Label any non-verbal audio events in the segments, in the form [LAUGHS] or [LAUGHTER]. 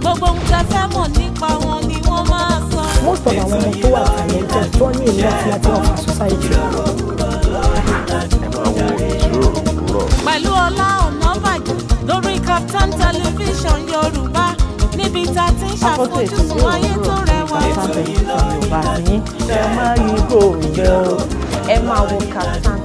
gbogbo ohun tẹ́ fẹ́ mọ̀ nípa wọn ni wọ́n máa sọ. most of àwọn ọmọ tó wà talented tó ní ìlú àti àti ọ̀fà society. pẹ̀lú Ọlá Ọ̀nàbàjọ lórí Kaftan television Yorùbá níbi tá a ti ń ṣàfojúsùn ayé tó rẹwà. ẹ máa yí kò rẹ̀ o ẹ máa wo Kaftan.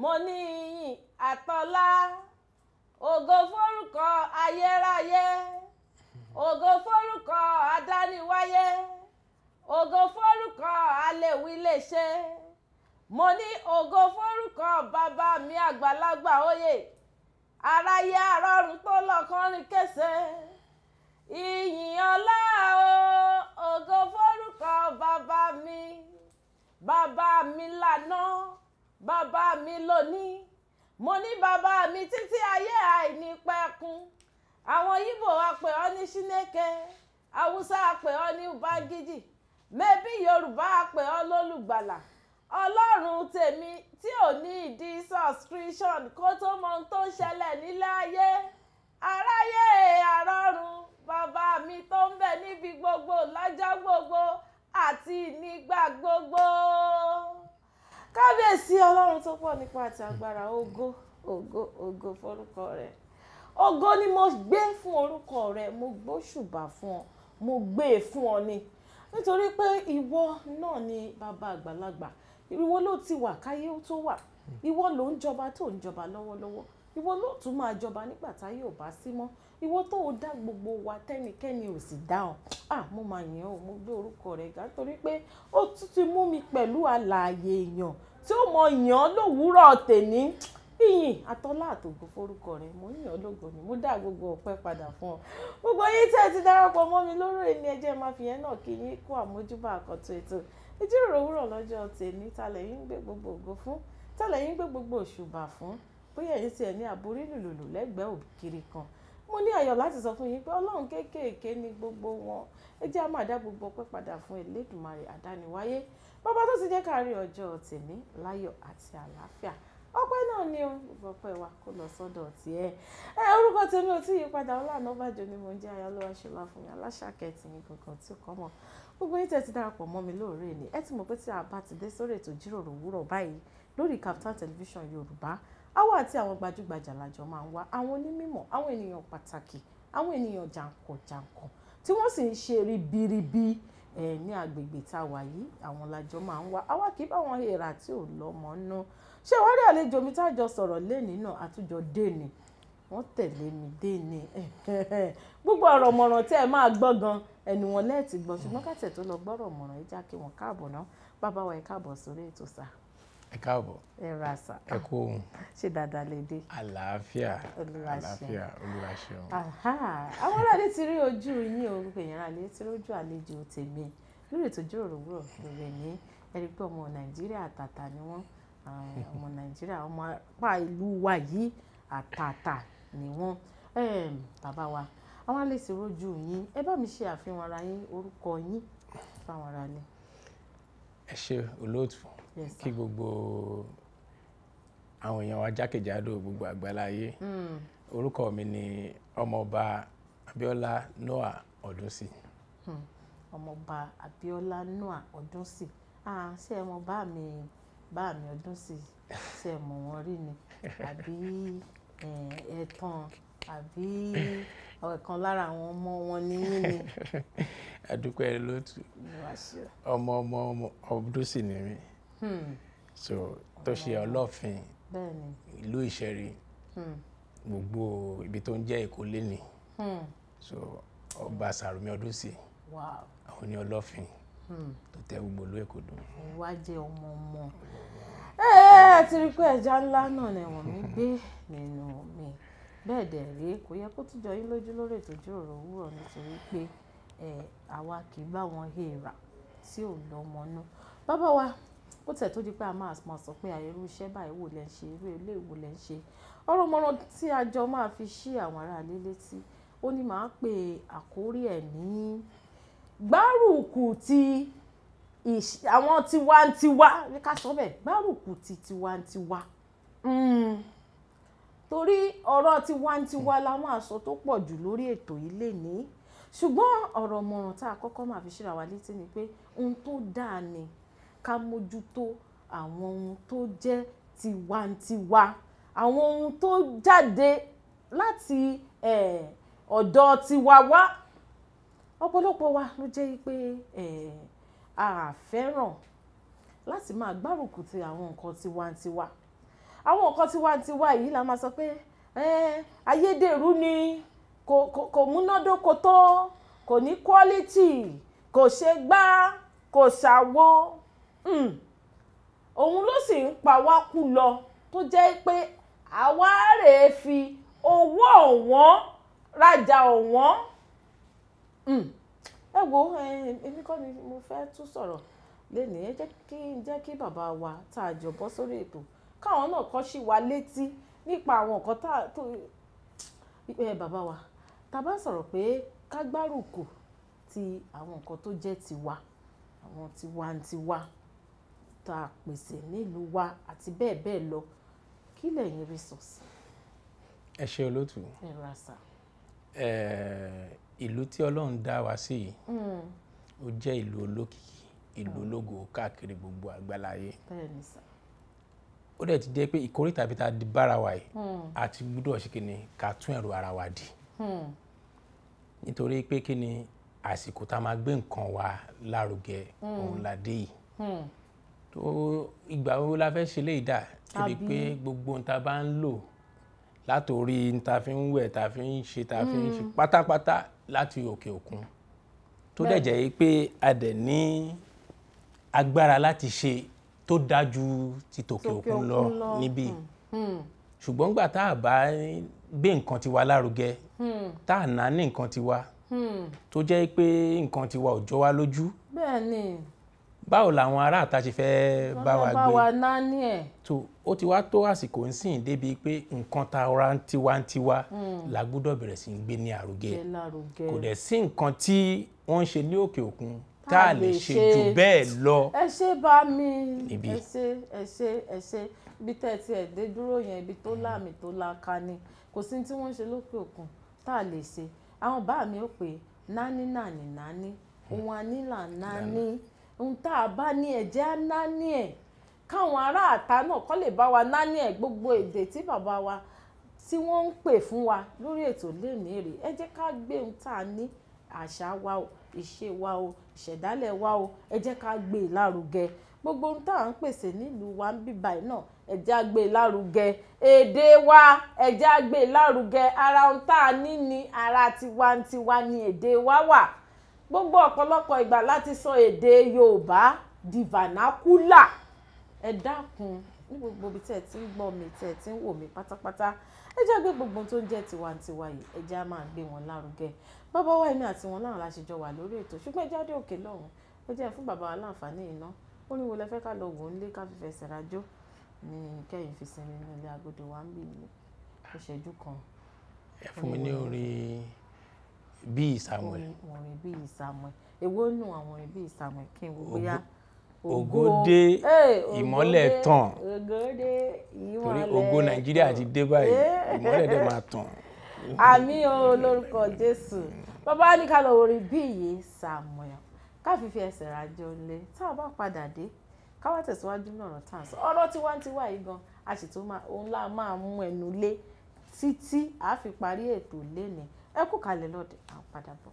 mo ní iyìn àtọ́lá ògo forúkọ ayérayé ògo forúkọ adániwáyé ògo forúkọ alẹ́wìléṣe mo ní ògo forúkọ bàbá mi àgbàlagbà oyè aráyé arọ́run tó lọ́kọ́rin kése ìyìn ọlá o ògo forúkọ bàbá mi bàbá mi lànà mi lónìí mo ní bàbá mi títí ayé àìní pẹ́kun àwọn Ìgbò apẹ̀ ọ́ ní Chineke Haúsá apẹ̀ ọ́ ní Ubangiji mẹ́bí Yorùbá apẹ̀ ọ́ lólùgbàlà ọlọ́run tèmi tí ò ní ìdí subscription kó tó mọ ohun tó ń ṣẹlẹ̀ nílé ayé aráyé àrọ́run bàbá mi tó ń bẹ níbi gbogbo lọ́jọ́ gbogbo àti nígbà gbogbo kábíyèsí ọlọ́run tó pọ̀ nípa àti agbára ògo ògo ògo forúkọ rẹ̀ ògo ni mo gbé fún orúkọ rẹ̀ mo gbóṣùbà fún ọ mo gbé e fún ọ ni nítorí pé ìwọ náà ni bàbá àgbàlagbà ìwọ ló ti wà káyé tó wà ìwọ ló ń jọba tó ń jọba lọ́wọ́lọ́wọ́ ìwọ ló tún máa jọba nígbà táyé ò bá sí mọ́ ìwọ tó o dá gbogbo wa tẹ́nikẹ́ni ò sì dá ọ ah mo máa yàn ọ́ mo gbé orúkọ rẹ̀ ga torí pé ó tún ti mú mi pẹ̀lú àlàyé èèyàn tí ó mọ yàn án lówùúrọ̀ tèmi ìyìn àtọ́lá àtògùn forúkọ rẹ̀ mo ń yàn lógo ni mo dá gbogbo ọpẹ́ padà fún ọ gbogbo yín tẹ́ ẹ ti darapọ̀ mọ́ mi lórí ẹni ẹjẹ́ máa fi yẹn náà kí yín kó àmójúbà àkọ́tó ètò ìjíròrò òwúrọ̀ lọ́jọ́ tèmi ta lẹ́yìn gbé gbogbo ògo fún ta lẹ́yìn gbé gbogbo òṣùbà fún bóyá èyí tiẹ̀ ní àbórí lùlùlù lẹ́gbẹ̀ẹ́ ògiri kan mo ní ayọ̀ láti sọ fún yín pé ọlọ́run kéékèèké ni gbogbo wọn ẹ jẹ́ á máa dá gbogbo ọpẹ́ padà fún elédùnmarè àdániwáyé bàbá tó ti jẹ́ ká rí ọjọ́ tèmi láyọ̀ àti àlàáfíà ọpẹ́ náà ni o gbogbo ọpẹ́ wa kó lọ sọ́dọ̀ tiẹ̀ ẹ orúkọ tèmi ò tí ì yípadà ọlànà ọbàjọ ni mo ń jẹ́ ayọ̀ lọ́wọ́ ṣọlá fún yín aláṣàkẹ́ tìyín gangan tí kò mọ̀ gbogbo yín tẹ̀ ti darapọ̀ mọ́ mi lóore ni ẹ ti mọ̀ pé tí a bá ti dé sórí ètò ìjíròrò òwúrọ̀ báyìí lórí Kaftan television yorùbá àwa àti àwọn gbajúgbajà làjọ máa ń wá àwọn onímọ̀ àwọn ènìyàn pàtàkì àwọn ènìyàn jàǹkànjàǹkàn tí wọ́n sì ń ṣe ribiribi ẹ̀ ní agbègbè tá a wà yìí àwọn làjọ máa ń wá àwa kì í bá wọn èrà tí ò lọ́mọ ná ṣé wọ́n rí àlejò mi tá a jọ sọ̀rọ̀ lénìí náà àtújọ déni wọ́n tẹ̀lé mi déni [LAUGHS] gbogbo ọ̀rọ̀ mọ̀ràn tẹ́ ẹ máa gbọ́ gan ẹnu wọn lẹ́ẹ̀tì gbọ́ ṣùgbọ́n ká tẹ̀ tó lọ gbọ́rọ̀ mọ̀ràn ẹ já kí wọ́n káàbọ̀ ná bàbá wa ẹ káàbọ̀ sórí ètò sáà ẹ káàbọ̀ ẹ rasa ẹ kú ohun ṣe dáadáa lédè àlàáfíà àlàáfíà olùwàṣẹun. àwọn aráàlú ti rí ojú yín o gbogbo èèyàn aráàlú ti rí ojú àlejò tèmi lórí ètò ìjíròrò òwúrọ̀ rẹ̀ ní ẹni pé ọmọ nàìjíríà àtàtà ni wọ́n ọmọ nàìjíríà ọmọ apá ìlú wa yìí àtàtà ni wọ́n bàbá wa àwọn àlejò rojú yín ẹ bá mi ṣe àfihàn ara yín orúkọ yín fáwọn aráàlú. ẹ ṣe olóòtú kí gbogbo àwọn èèyàn wa jákèjádò gbogbo àgbáláyé hmm. orúkọ mi ni ọmọọba Abíọ́lá Noah Ọdúnsì. Hmm. ọmọọba Abíọ́lá Noah Ọdúnsì ṣé ẹ mọ bá mi bá mi Ọdúnsì ṣé ẹ mọ wọn rí ni àbí ẹ̀tàn àbí ọ̀kan lára àwọn ọmọ wọn ní ni. adúpẹ́ [LAUGHS] lótú ọmọ ọmọ ọdún sì ni mí. Hmm. so tó ṣe oh. ọlọ́fin ìlú ìṣẹ̀rí hmm. gbogbo ibi tó ń jẹ́ èkó lẹ́nìí hmm. so ọba sàrùmí ọdún sí àwọn ní ọlọ́fin tó tẹ gbogbo ìlú èkó dùn. wá jẹ ọmọ ọmọ ẹ ẹ ti rí pé ẹja ńlá náà ni ẹ̀wọ̀n mi gbé nínú mi bẹ́ẹ̀ dẹ̀ rí kò yẹ kó tún jọ yín lójú lórí ètò ìjíròrò òwúrọ̀ nítorí pé àwa kì í bá wọn hèèrà tí ò lọ́mọ náà bàbá wa kó tẹ̀ tó di pé a máa mọ̀ sọ pé àyẹ̀rú iṣẹ́ báyìí wò lẹ́ ń ṣe eré ilé ìwò lẹ́ ń ṣe ọ̀rọ̀ mọ́rán tí a jọ máa fi ṣí àwọn aráalé létí ó ní màá pe àkórí ẹ̀ ní gbárùkù ti àwọn tiwantiwa ní ká sọ bẹ́ẹ̀ gbárùkù ti tiwantiwa hmm. torí ọ̀rọ̀ tiwantiwa làwọn àṣọ tó pọ̀ jù lórí ètò yìí lè ní ṣùgbọ́n ọ̀rọ̀ mọ̀ràn tá a kọ́kọ́ máa fi ṣíra wa létí ni pé ohun tó dáa ni ká mójútó àwọn ohun tó jẹ́ tiwantiwa àwọn ohun tó jáde láti ọ̀dọ̀ tiwa wá ọ̀pọ̀lọpọ̀ wa ló jẹ́ pé a fẹ́ràn láti máa gbárùkù ti àwọn nǹkan tiwantiwa àwọn nǹkan tiwantiwa yìí la máa sọ pé ayédèrú ni kò kò kò múnádóko tó kò ní quality kò ṣe gbá kò ṣàwo Hmm. òun ló sì ń pa wá kú lọ tó jẹ́ pé àwa rèé fi owó ọ̀wọ́n rajà ọ̀wọ́n hmm. ẹ wo èmi kọ́ ni mo fẹ́ tún sọ̀rọ̀ lẹ́nu ẹ jẹ́ kí n jẹ́ kí bàbá wa tá a jọ bọ́ sórí ètò káwọn náà kọ́ sí wa létí nípa àwọn nǹkan tá a tó ẹ bàbá wa tá a bá sọ̀rọ̀ pé ká gbárùkù ti àwọn nǹkan tó jẹ́ tiwa àwọn tiwantiwa. Ti tá a pèsè nílùú wa àti bẹ́ẹ̀ bẹ́ẹ̀ lọ kí lẹ̀yin rí sọ sí. ẹ ṣe olótù. ẹ ra sà. ẹ ìlú tí ọlọ́run dá wa sí yìí hmm. ó jẹ́ ìlú olókìkí ìlú hmm. ológo káàkiri gbogbo àgbáláyé. bẹ́ẹ̀ni sà ó dẹ̀ ti jẹ́ pé ìkórìtà bíi ta di bára wa yìí àti hmm. gbúdọ̀ ṣe kíni ká tún ẹ̀rù ara wa dì nítorí pé kíni àsìkò tá a máa gbé nǹkan wa lárugẹ òun la yìí tó ìgbà wo la fẹ́ ṣe lè dà kéde pé gbogbo nta bá ń lò látòrí nta fi ń wẹ̀ ta fi ń ṣe ta fi ń ṣe mm. pátápátá láti òkè òkun tó dẹ̀ jẹ́ pé a dẹ̀ ní agbára láti ṣe tó dájú ti tòkè òkun lọ níbí mm. Mm. ṣùgbọ́n gbà tá a bá gbé nǹkan tiwa lárugẹ tá a nà ní nǹkan tiwa tó jẹ́ pé nǹkan tiwa ò jọ wá lójú. bẹ́ẹ̀ báwo làwọn aráàta ṣe fẹ́ bá wa gbé bá wa náání ẹ̀. tó ó ti wá tó àsìkò ń sìn débi pé nǹkan ta ara ń tiwa ń tiwa hmm. la gbọ́dọ̀ bẹ̀rẹ̀ sí ń gbé ní àrògé kò dẹ̀ sí nǹkan tí wọ́n ń ṣe ní òkè òkun tá a lè ṣe jù bẹ́ẹ̀ lọ. ẹ ṣe bá mi ẹ ṣe ẹ ṣe ẹ ṣe ibi tẹ́ ẹ ti ẹ̀ dé dúró yẹn ibi tó hmm. láàmì tó láka ni kò sí tí wọ́n ṣe lókè òkun tá a lè ṣe àwọn bá mi ó pè náání náání náání òun ànílà ohun tá a bá ní ẹ̀ jẹ́ á náání ẹ̀ káwọn ará àta náà kọ́ lè bá wa náání ẹ̀ gbogbo èdè tí bàbá wa tí wọ́n ń pè fún wa lórí ètò lẹ́ẹ̀mí rè ẹ jẹ́ ká gbé ohun ní àṣà wa o ìṣe wa o ìṣẹ̀dálẹ̀ wa o ẹ jẹ́ ká gbé e lárugẹ gbogbo ohun à ń pèsè nílùú wa ń bíbá ẹ̀ náà ẹ jẹ́ á e lárugẹ èdè wa ẹ jẹ́ á e lárugẹ ara ohun tá ní ni ara tiwantiwa ni èdè wa wà gbogbo ọ̀pọ̀lọpọ̀ ìgbà láti sọ èdè Yorùbá di vernacular ẹ dákun ní gbogbo ibi tẹ́ ẹ ti ń gbọ́ mi tẹ́ ẹ ti ń wò mí pátápátá ẹ jẹ́ gbé gbogbo tó ń jẹ́ tiwantiwa yìí ẹ jẹ́ á máa gbé wọn lárugẹ bàbá wa èmi àti wọn náà la ṣe jọ wà lórí ètò ṣùgbọ́n ẹ jáde òkè lọ́hùn ó jẹ́ fún bàbá wa láǹfààní iná ó ní wo lẹ fẹ́ ká lọ wò ó nílé ká fi fẹsẹ̀ rajó ní kẹ́yìn fi sinmi nílé agodo wa ń bì ní ìṣẹ́jú kan. ẹ fún mi ní orin bíi Samuel. orin bíi Samuel èwo nù àwọn orin bíi Samuel kí n wo bóyá. ògòdè ìmọ́lẹ̀ tàn torí ògo Nàìjíríà ti dé báyìí [LAUGHS] ìmọ́lẹ̀ dẹ̀ máa tàn. àmì o lórúkọ Jésù bàbá ní ká lọ orin bíi yìí Samuel ká fífi ẹsẹ̀ rájọ lé tá a bá padà dé ká wá tẹ̀síwájú lọ́rọ̀ tá à ń sọ ọ̀rọ̀ tí wọ́n ti wà yìí gan a sì tún máa òun mú ẹnu lé títí a fi parí ètò lénìí ẹ kú kalẹ̀ lọ́dẹ a padà bọ̀.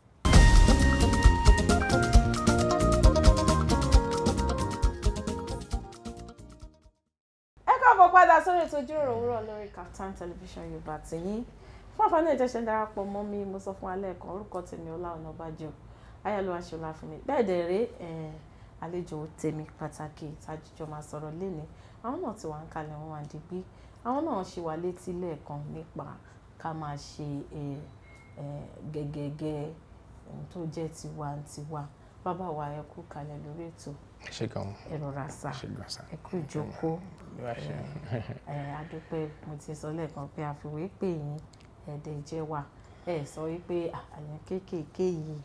ẹ káàbọ̀ padà sórí ètò ìjíròrò òwúrọ̀ lórí Kaftan television yorùbá tìyín fún àǹfààní ìjọsẹ darapọ̀ mọ́ mi mo sọ fún alẹ́ kan orúkọ tèmi Ọlá Ọ̀nàbàjọ ayélujára ṣọlá fún mi bẹ́ẹ̀ dẹ̀ rẹ́ àlejò tèmi pàtàkì ìtajìjọ máa sọ̀rọ̀ lẹ́ni àwọn náà ti wà ń kalẹ̀ wọn àdìgbì àwọn náà ṣe wà létí lẹ́ẹ̀kan nípa ká máa ṣe gẹ́gẹ́gẹ́ ohun tó jẹ́ tiwantiwa bàbá wa ẹ kú kalẹ̀ lórí ètò ẹ rọra sà ẹ kú ìjókòó adúpẹ́ mo ti sọ lẹ́ẹ̀kan pé àfiwé pè yín ẹ̀ẹ́dẹ̀ jẹ́ wà ẹ sọ wípé àyàn kéékèèké yìí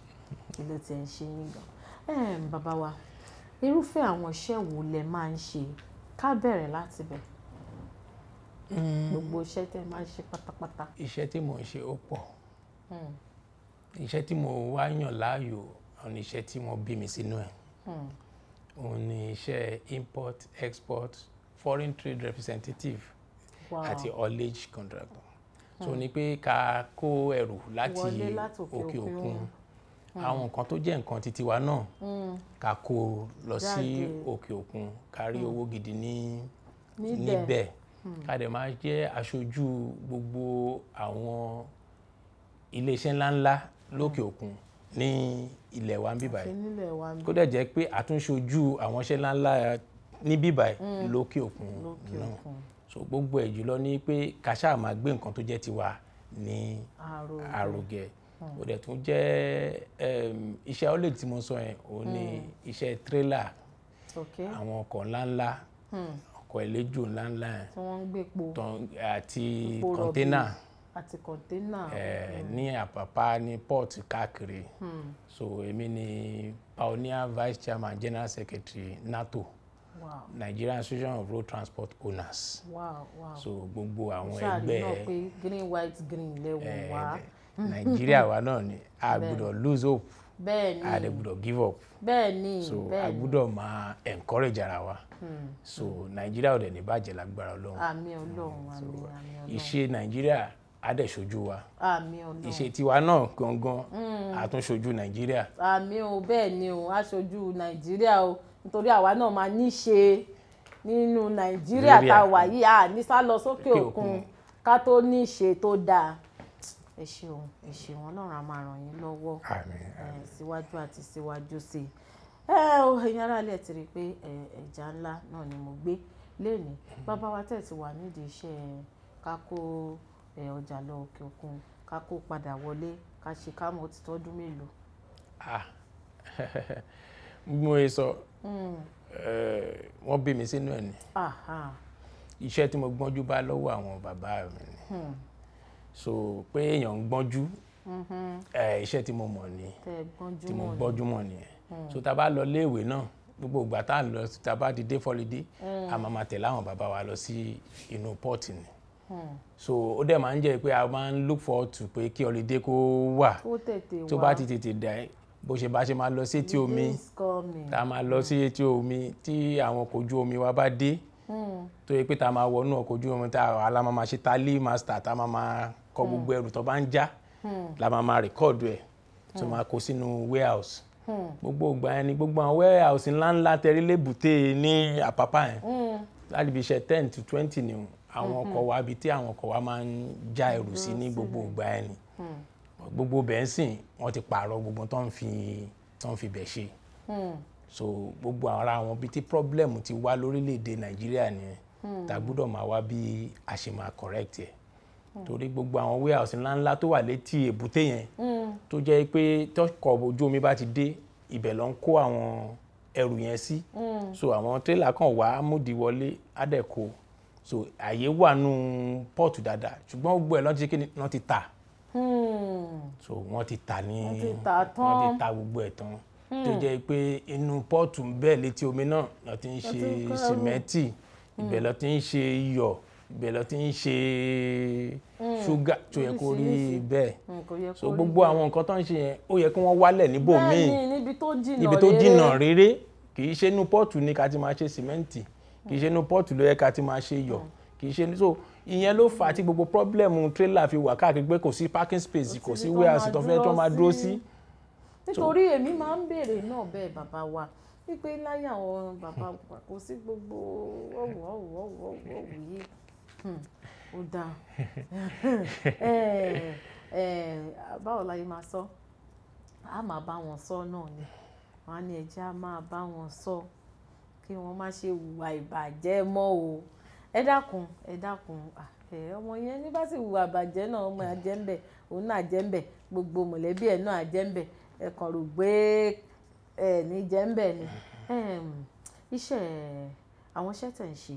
kí ló ti ń ṣe yín gan bàbá wa irúfẹ́ àwọn iṣẹ́ wo lẹ máa ń ṣe ká bẹ̀rẹ̀ láti bẹ̀ hmm. gbogbo iṣẹ́ tẹ́ máa ń ṣe pátápátá. iṣẹ́ tí mò ń ṣe ó pọ̀ Hmm. iṣẹ́ tí mo wá yàn láàyò ọ̀nà iṣẹ́ tí wọ́n bí mi sínú ẹ̀ hmm. òun ni iṣẹ́ import export foreign trade representative àti wow. haulage contractor so hmm. ni pé ká kó ẹrù láti òkè òkun àwọn nǹkan tó jẹ́ nǹkan titi wa náà ká kó lọ sí òkè òkun ká rí owó gidi ní níbẹ̀ ká dẹ̀ máa jẹ́ aṣojú gbogbo àwọn iléeṣẹ́ ńláńlá lókè mm. òkun ní ilẹ̀ wa ń bíbà yìí kó dẹ̀ jẹ́ pé àtúnṣojú àwọn iṣẹ́ ńláńlá ní bíbà yìí mm. lókè òkun náà so gbogbo ẹ̀ jùlọ ni pé kàṣà máa gbé nǹkan tó jẹ́ tiwa ní àrògẹ hmm. ó dẹ̀ tún jẹ́ iṣẹ́ olè tí mo sọ yẹn òun ni hmm. iṣẹ́ tírélà àwọn ọkọ̀ ńláńlá hmm. ọkọ̀ eléjò ńláńlá yẹn àti kọ̀ńténà àti kọ̀ńténà. ẹ mm. ní àpàpà ní port káàkiri hmm. so èmi ni pioneer vice chairman general secretary nato wow. nigerian association of road transport owners wow, wow. so gbogbo àwọn ẹgbẹ́ ṣáà rí pé green white green lẹ́wọ̀n wá. nàìjíríà wa náà ni a gbọ́dọ̀ lose hope bẹ́ẹ̀ni a lè gbọ́dọ̀ give up bẹ́ẹ̀ni so bẹ́ẹ̀ni. a gbọ́dọ̀ máa encourage ara wa hmm. so nàìjíríà ò dẹ̀ ní bàjẹ́ lágbára ọlọ́run àmín ọlọ́run hmm. àmín àmín ọlọ́run ìṣe nàìjíríà sojú wa ìṣe tiwa náà gangan àtúnṣojú hmm. nàìjíríà. àmì o bẹ́ẹ̀ ni o aṣojú nàìjíríà o nítorí àwa náà máa ní ṣe nínú nàìjíríà tá a wà yìí a ní sá lọ sókè òkun ká tó ní ṣe tó dáa ẹ ṣeun ẹ ṣeun ọlọ́run a máa ràn yín lọwọ síwájú àti síwájú sí i ẹ o ẹ̀yin aráàlú ẹ ti rí i pé ẹja ńlá náà ni mo gbé lénìí hmm. bàbá wa tẹ̀ ti wà nídìí iṣẹ́ kákó. ọjà lọ òkè òkun ká kó padà wọlé ká ṣe ká mọ̀ ti tọ́dún mélòó. ah [LAUGHS] mo yẹ sọ hmm. wọ́n bí mi sínú ẹ̀ ni iṣẹ́ tí mo gbọ́njú bá lọ́wọ́ àwọn bàbá mi ni hmm. so pé èèyàn ń gbọ́njú mm-hmm. iṣẹ́ tí mo mọ̀ ni tí mo gbọ́njú mọ̀ ni hmm. so tá a bá lọ léèwé náà gbogbo ìgbà tá a lọ tá a bá ti dé fọ́lídé a máa tẹ̀lé àwọn bàbá wa lọ sí inú pọ́ọ̀tì ni so ó dẹ̀ máa ń jẹ́ pé a máa ń look forward to pé kí holiday kó wà tó bá ti tètè dà ẹ́ bó ṣe bá ṣe máa lọ sí etí omi tá a máa lọ sí etí omi tí àwọn ọkọ̀ ojú omi wa bá dé hmm. tó yẹ pé tá a máa wọnú ọkọ̀ ojú omi tá a la máa ṣe tálí master tá a máa kọ hmm. gbogbo ẹrù tó bá ń já hmm. la máa máa rìkọ́ọ̀dù ẹ̀ tó máa kó sínú warehouse gbogbo ìgbà yẹn gbogbo àwọn warehouse ńláńlá tẹrí lébùté ní àpápá yẹn láti fi ṣe ten to twenty ni àwọn mm-hmm. ọkọ̀ wa bíi tí àwọn ọkọ̀ wa máa ń já ẹrù sí ní mm-hmm. gbogbo ìgbà ẹni mm-hmm. gbogbo bẹ́ńsìn wọ́n ti pààrọ̀ gbogbo tó fi tó fi bẹ̀ ṣe so gbogbo ara àwọn bíi tí problem ti wá lórílẹ̀‐èdè nàìjíríà nìyẹn tá a gbọ́dọ̀ máa wá bí a ṣe máa correct ẹ̀ torí gbogbo àwọn warehouse ńláńlá tó wà létí èbúté yẹn tó jẹ́ pé tọ́kọ̀ ojú omi bá ti dé ibẹ̀ ló ń kó àwọn ẹrù yẹn sí so àwọn tírélà kan wà á múdi wọlé á dẹ̀ kó so àyè wà nù pọ́ọ̀tù dáadáa ṣùgbọ́n gbogbo ẹ̀ lọ́n ti kí ni wọ́n ti tà hmm. so wọ́n ti tà ní wọ́n ti tà gbogbo ẹ̀ tán hmm. tó jẹ́ pé inú pọ́ọ̀tù bẹ́ẹ̀ létí omi náà lọ́n ti ń ṣe sìmẹ́ǹtì hmm. ibẹ̀ lọ́n ti ń ṣe iyọ̀ ibẹ̀ lọ ti ń ṣe ṣúgà tó yẹ kó rí bẹ́ẹ̀ so gbogbo àwọn nǹkan tó ń ṣe yẹn ó yẹ kí wọ́n wálẹ̀ níbòmíì níbi tó jìnnà réré kì í ṣe inú pọ́ọ̀tù ni ká ti máa ṣe sìmẹ́ǹtì kì í ṣe inú pọ́ọ̀tù ló yẹ ká ti máa ṣe yọ̀ kì í ṣe so ìyẹn ló fà á tí gbogbo pọ́blẹ́mù tírélà fi wà káàkiri pé kò sí parking space kò sí warehouse tó fẹ́ tó máa dúró sí. nítorí èmi máa ń béèrè náà bẹ́ẹ̀ bàbá wa wípé láyà ọ̀run bàbá wa kò sí gbogbo ọ̀wọ̀ ọ̀wọ̀ ọ̀wọ̀ ọ̀wọ̀ yìí hmm, ó dáa [LAUGHS] eh, eh, báwo la yìí máa sọ a máa bá wọn sọ náà ni wọn á ní ẹjẹ a máa bá wọn sọ. So kí wọ́n má ṣe hùwà ìbàjẹ́ mọ́ o ẹ dákun ẹ dákun ọmọ yẹn ní bá sì hùwà ìbàjẹ́ náà ọmọ àjẹ́ ń bẹ̀ òun náà àjẹ́ ń bẹ̀ gbogbo mọ̀lẹ́bí ẹ̀ náà àjẹ́ ń bẹ̀ ẹ kàn rò gbé ẹ ní jẹ́ ń bẹ̀ ni iṣẹ́ àwọn iṣẹ́ tẹ̀ ń ṣe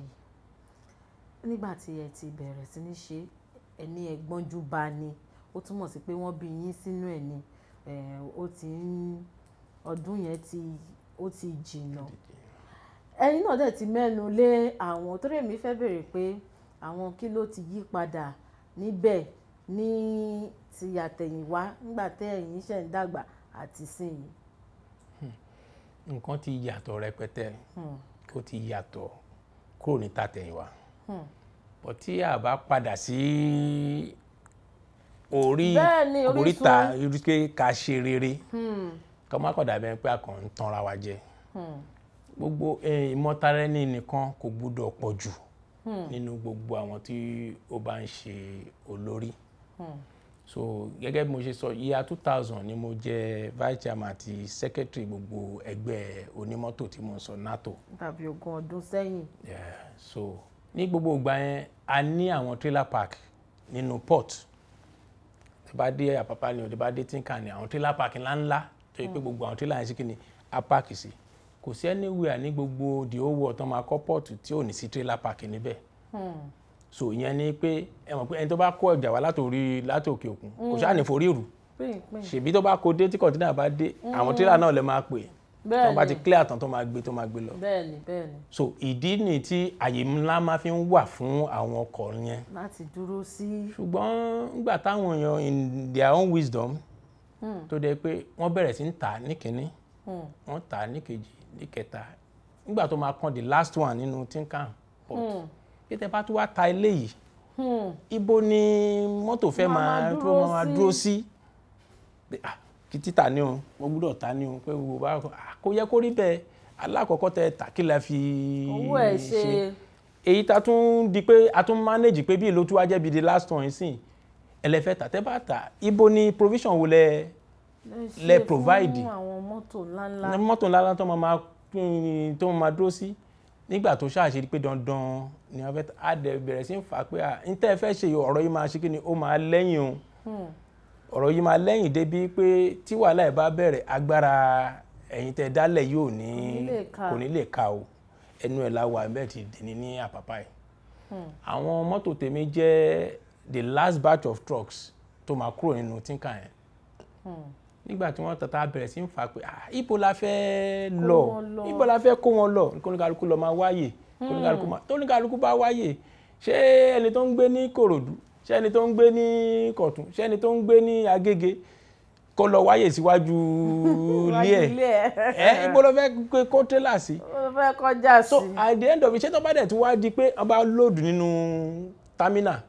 nígbà tí ẹ ti bẹ̀rẹ̀ sí ní ṣe ẹ ní ẹgbọ́n jù bá ni ó túmọ̀ sí pé wọ́n bí yín sínú ẹ̀ ni ó ti ń ọdún yẹn ti ó ẹ̀yin náà dẹ̀ ti mẹ́nu lé àwọn torí èmi fẹ́ bèrè pé àwọn kí ló ti yí padà níbẹ̀ ní ti àtẹ̀yìnwá nígbà tẹ́ ẹ̀yin ṣẹ̀ ń dàgbà àti sìn yìí. Hmm. nǹkan ti yàtọ̀ rẹpẹtẹ kó hmm. ti yàtọ̀ kúrò ní tàtẹ̀yìnwá hmm. bọ̀ tí a bá padà sí orí oríta irúgbé ká ṣe rere kọ́ má pé a kàn ń tanra wa jẹ gbogbo ìmọ̀tara ẹni nìkan kò gbúdọ̀ pọ̀ jù hmm. nínú gbogbo àwọn tí ó bá ń ṣe olórí. Hmm. so gẹ́gẹ́ bí mo ṣe sọ year two thousand ni mo jẹ́ vice chairman àti secretary gbogbo ẹgbẹ́ onímọ́tò tí mo sọ nato. tàbí ogún ọdún sẹ́yìn. so ní gbogbo ìgbà yẹn a ní àwọn trailer park nínú port tí bá dé àpápá ni o tí bá dé tinka ni àwọn trailer park ńláńlá tó yẹ pé hmm. gbogbo àwọn trailer yẹn sí kí ni a páàkì sí. Si kò sí anywhere ní gbogbo the whole world tó máa kọ́ pọ́ọ̀tù tí ò ní sí trailer park níbẹ̀ hmm. so ìyẹn ni pé ẹ mọ̀ pé ẹni tó bá kó ọjà wá látòrí látòkè òkun kò hmm. ṣáà ní forí rù ṣèbí tó bá kó dé tí kọ̀ǹtínà bá dé àwọn hmm. trailer náà lè máa pè tó bá ti clear tán tó máa gbé tó máa gbé lọ so ìdí ni tí àyè ńlá máa fi ń wà fún àwọn ọkọ̀ yẹn láti dúró sí. ṣùgbọ́n nígbà táwọn èèyàn in their own wisdom tó dẹ pé wọ́n bẹ̀rẹ̀ sí ń tà ní wọ́n tà ní ìkẹta nígbà tó máa kan the last one nínú tinkan port hmm. bí tẹ bá tún wá ta eléyìí hmm. ibo ni mọ́tò fẹ́ máa dúró máa dúró sí ah, kí títà ni o mo gbúdọ̀ ta ni o pé gbogbo bá ah, kò yẹ kó rí bẹ́ẹ̀ alákọ̀ọ́kọ́ tẹ tàkìlà fi ṣe èyí ta tún di pé a tún manage pé bí ìlú tí wàá jẹ́ bi the last one sìn ẹlẹ́fẹ́ tà tẹ́ bá tà ibo ni provision wo lẹ́ẹ̀ lẹ provide àwọn mọ́tò ńláńlá mọ́tò ńláńlá tó máa tó máa dúró sí nígbà tó ṣàṣe pé dandan ni wọ́n fẹ́ àdẹ bẹ̀rẹ̀ sí ń fà pé à ń tẹ́ ẹ fẹ́ ṣe ọ̀rọ̀ yìí máa ṣe kí ni ó máa lẹ́yìn o hmm. ọ̀rọ̀ yìí máa lẹ́yìn débi pé tí wàhálà ẹ̀ bá bẹ̀rẹ̀ agbára ẹ̀yin tẹ́ dálẹ̀ yóò ní kò ní lè ka o ẹnu ẹ̀ la wà bẹ́ẹ̀ ti dì ní ní àpàpà yìí àwọn mọ́tò tèmi jẹ́ the last batch of trucks tó máa kúrò nínú tínkà yẹn. Hmm nígbà tí wọ́n tata bẹ̀rẹ̀ sí ń fà pé ibo la fẹ́ lọ ibo la fẹ́ kó wọn lọ kóníkàlùkù lọ máa wáyè hmm. kóníkàlùkù máa tóníkàlùkù bá wáyè ṣé ẹni tó ń gbé ní Kòròdú ṣé ẹni tó ń gbé ní Kọ̀tún ṣé ẹni tó ń gbé ní Agége kó lọ wáyè síwájú [LAUGHS] ilé ẹ ẹ ibo ló fẹ́ gbé kọ́ńtélà sí. ó fẹ́ kọjá sí. so at the end of it ṣé tó bá dẹ̀ tí wá di pé ọba lóòdù nínú támínà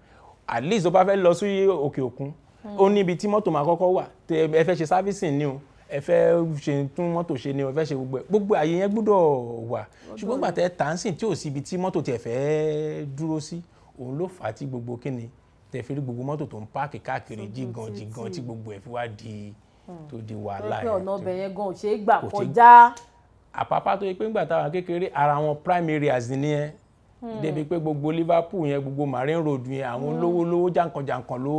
at least ó bá fẹ́ lọ sí òkè òkun ó níbi tí mọ́tò máa kọ́kọ́ wà ẹ fẹ́ ṣe servicing ni o ẹ fẹ́ ṣe tún mọ́tò ṣe ni o ẹ fẹ́ ṣe gbogbo ẹ̀ gbogbo àyè yẹn gbúdọ̀ wà ṣùgbọ́n gbàtẹ́ tàǹsìn tí ò sí ibi tí mọ́tò tiẹ̀ fẹ́ dúró sí òun ló fà á tí gbogbo kíni tẹ̀ fi rí gbogbo mọ́tò tó ń páàkì káàkiri jígan jígan tí gbogbo ẹ̀ fi wá di hmm. tó di wàhálà yẹn. pé ọ̀nà ọbẹ̀ yẹn gan ò ṣeé gbà kọjá. àpapá tó yẹ pé ńgbà táwa kékeré ara wọn primary as nìyẹn Hmm. débi pé gbogbo Liverpool yẹn gbogbo Marine Road yẹn àwọn hmm. olówó lówó jàǹkànjàǹkàn ló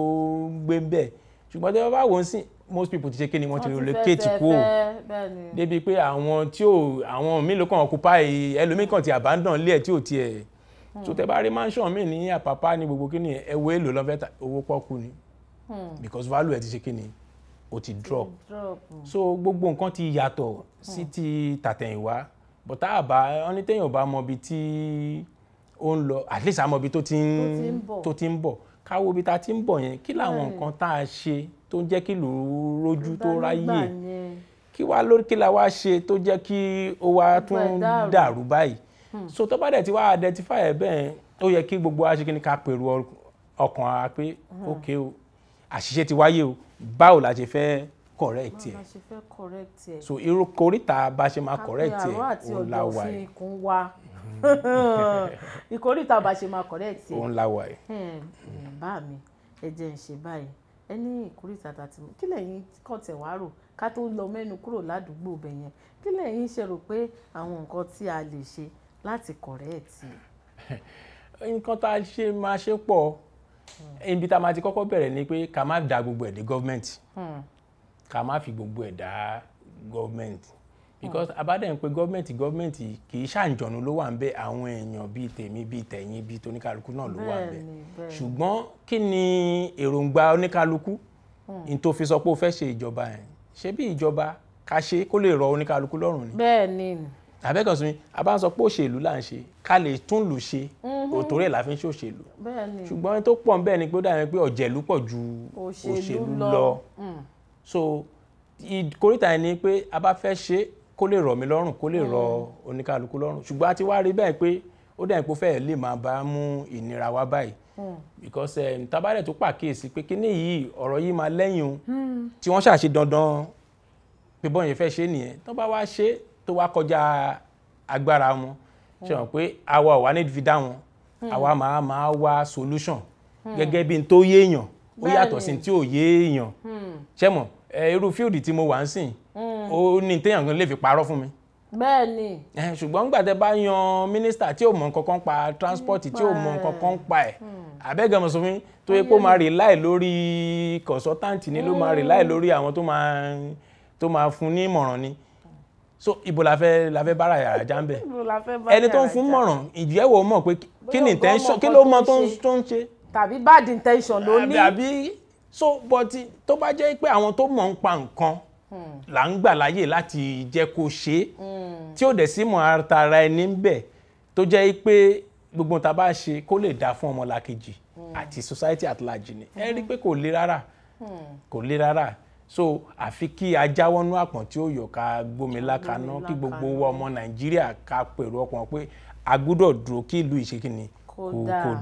ń gbé ń bẹ̀ ṣùgbọ́n tí bá wò ó most people ti ṣe kí ni wọ́n ti relocate kúrò débi pé àwọn tí ò àwọn míì ló kàn occupy ẹlòmíì kan ti abandon lé ẹ̀ tí ò tiẹ̀ tó hmm. tẹ bá rí mansion míì ní Àpápá ní gbogbo kí ni èlò lọ́fẹ̀ẹ́ owó pọ́kú ni because value ẹ̀ ti ṣe kí ni ti drop so gbogbo nǹkan ti yàtọ̀ sí ti tàtẹ̀yìnwá bọ̀tá àbá ọ́nítẹ̀yìn ò bá mọ ibi tí ó ń lọ at least àmọ́ ibi tó ti ń tó ti ń bọ̀ káwo ibi tá a ti ń bọ̀ yẹn kí làwọn nǹkan tá a ṣe tó ń jẹ́ kí ìlú rójú tó ráyè kí wàá lórí kí la wá ṣe tó jẹ́ kí ó wá tún dàrú báyìí hmm. so tó bá dẹ̀ ti wá identify ẹ̀ bẹ́ẹ̀ ó yẹ kí gbogbo aṣèkínní ká pèrò ọkàn ara pé hmm. ok o àṣìṣe ti wáyé o báwo la ṣe fẹ́ correct ẹ so irú koríta bá ṣe máa correct ẹ òun la wà yìí [LAUGHS] ìkórìtà bá ṣe máa correct ẹ òun la wà ẹ. bá mi ẹ jẹ́ ń ṣe báyìí ẹ ní ìkórìtà tàti mú kí lẹ́yìn kọ̀tẹ̀ wá rò ká tó lọ mẹ́nu kúrò ládùúgbò bẹ̀ yẹn kí lẹ́yìn ṣe rò pé àwọn nǹkan tí a lè ṣe láti correct ẹ. nǹkan tá a ṣe máa ṣe pọ̀ ibi tá a máa ti kọ́kọ́ bẹ̀rẹ̀ ni pé ká má da gbogbo ẹ̀ dé gọ́ọ̀mẹ̀ntì hmm. ká má fi gbogbo ẹ̀ dá gọ́ọ̀mẹ̀ntì because abadan pé gọ́ọ̀mẹ̀ntì gọ́ọ̀mẹ̀ntì kì í ṣàǹjọ̀nù ló wà ń bẹ àwọn èèyàn bíi tèmi bíi tẹ̀yìn bíi tóníkàlùkù náà ló wà ń bẹ ṣùgbọ́n kí ni èròǹgbà oníkàlùkù hmm. n tó fi sọ pé o fẹ́ ṣe ìjọba yẹn ṣé bí ìjọba ká ṣe kó lè rọ oníkàlùkù lọ́rùn ni. bẹ́ẹ̀ ni àbẹ́kàn sí mi a bá ń sọ pé òṣèlú là ń ṣe ká lè tún lù ṣe mm-hmm. òtòrè là fi ń ṣòṣèlú ṣùgbọ́n tó pọ̀ hmm. so ìkórìtà yẹn ni pé a bá fẹ́ ṣe kó lè rọ̀ mí lọ́rùn kó lè mm. rọ̀ oníkálukú lọ́rùn ṣùgbọ́n a ti wá rí bẹ́ẹ̀ pé ó dẹ̀ pé ó fẹ́ẹ̀ lè máa bá mú ìnira wá báyìí mm. because tabalẹ̀ tó pàkíyèsí pé kíní yìí ọ̀rọ̀ yìí máa lẹ́yìn o mm. tí wọ́n ṣàṣe dandan pé bọ́ọ̀ yẹn fẹ́ ṣe nìyẹn tó bá wá ṣe tó wá kọjá agbára wọn ṣe hàn pé àwa ò wá ní fi dá wọn àwa máa máa wá solution gẹ́gẹ́ bí n tó yéèyàn ó yàtọ̀ sí tí ò yéèyàn ṣẹ́mọ̀ irú fíìlì tí mo wà ń sìn ó ní téèyàn gan lè fi parọ́ fún mi bẹ́ẹ̀ ni. ṣùgbọ́n nígbà tẹ́ bá yan mínísítà tí ò mọ nǹkan kan pa transport tí ò mọ nǹkan kan pa ẹ̀ àbẹ́gàmọ̀ sọ fún mi tó yẹ kó máa rely lórí consultant ni ló máa rely lórí hmm. àwọn tó máa tó máa fún ní ìmọ̀ràn ni so ibo la fẹ́ la fẹ́ bára yàrá já ń bẹ̀ ẹni tó ń fún mọ̀ràn ìjẹ́wò mọ̀ pé kí ni intention kí ló mọ tó ń ṣe. tàbí bad intention ló ní. àbí so but tó bá jẹ́ pé àwọn tó mọ̀ ń pa nǹkan là ń gbà láyè láti jẹ́ kó ṣe é hmm. tí ò dẹ̀ sí mọ̀ ara ẹni ń bẹ̀ tó jẹ́ pé gbogbo tá bá ṣe kó lè dáa fún ọmọlàkejì hmm. àti society at large ni ẹ rí i hmm. pé kò le rárá kò le rárá so àfi kí a jáwọ́nú àpọ̀n tí ó yọ ká gbómi lákaná kí gbogbo ọmọ nàìjíríà ká pèrò ọkàn pé a gbúdọ̀ dúró kí ìlú ìṣèkínni kò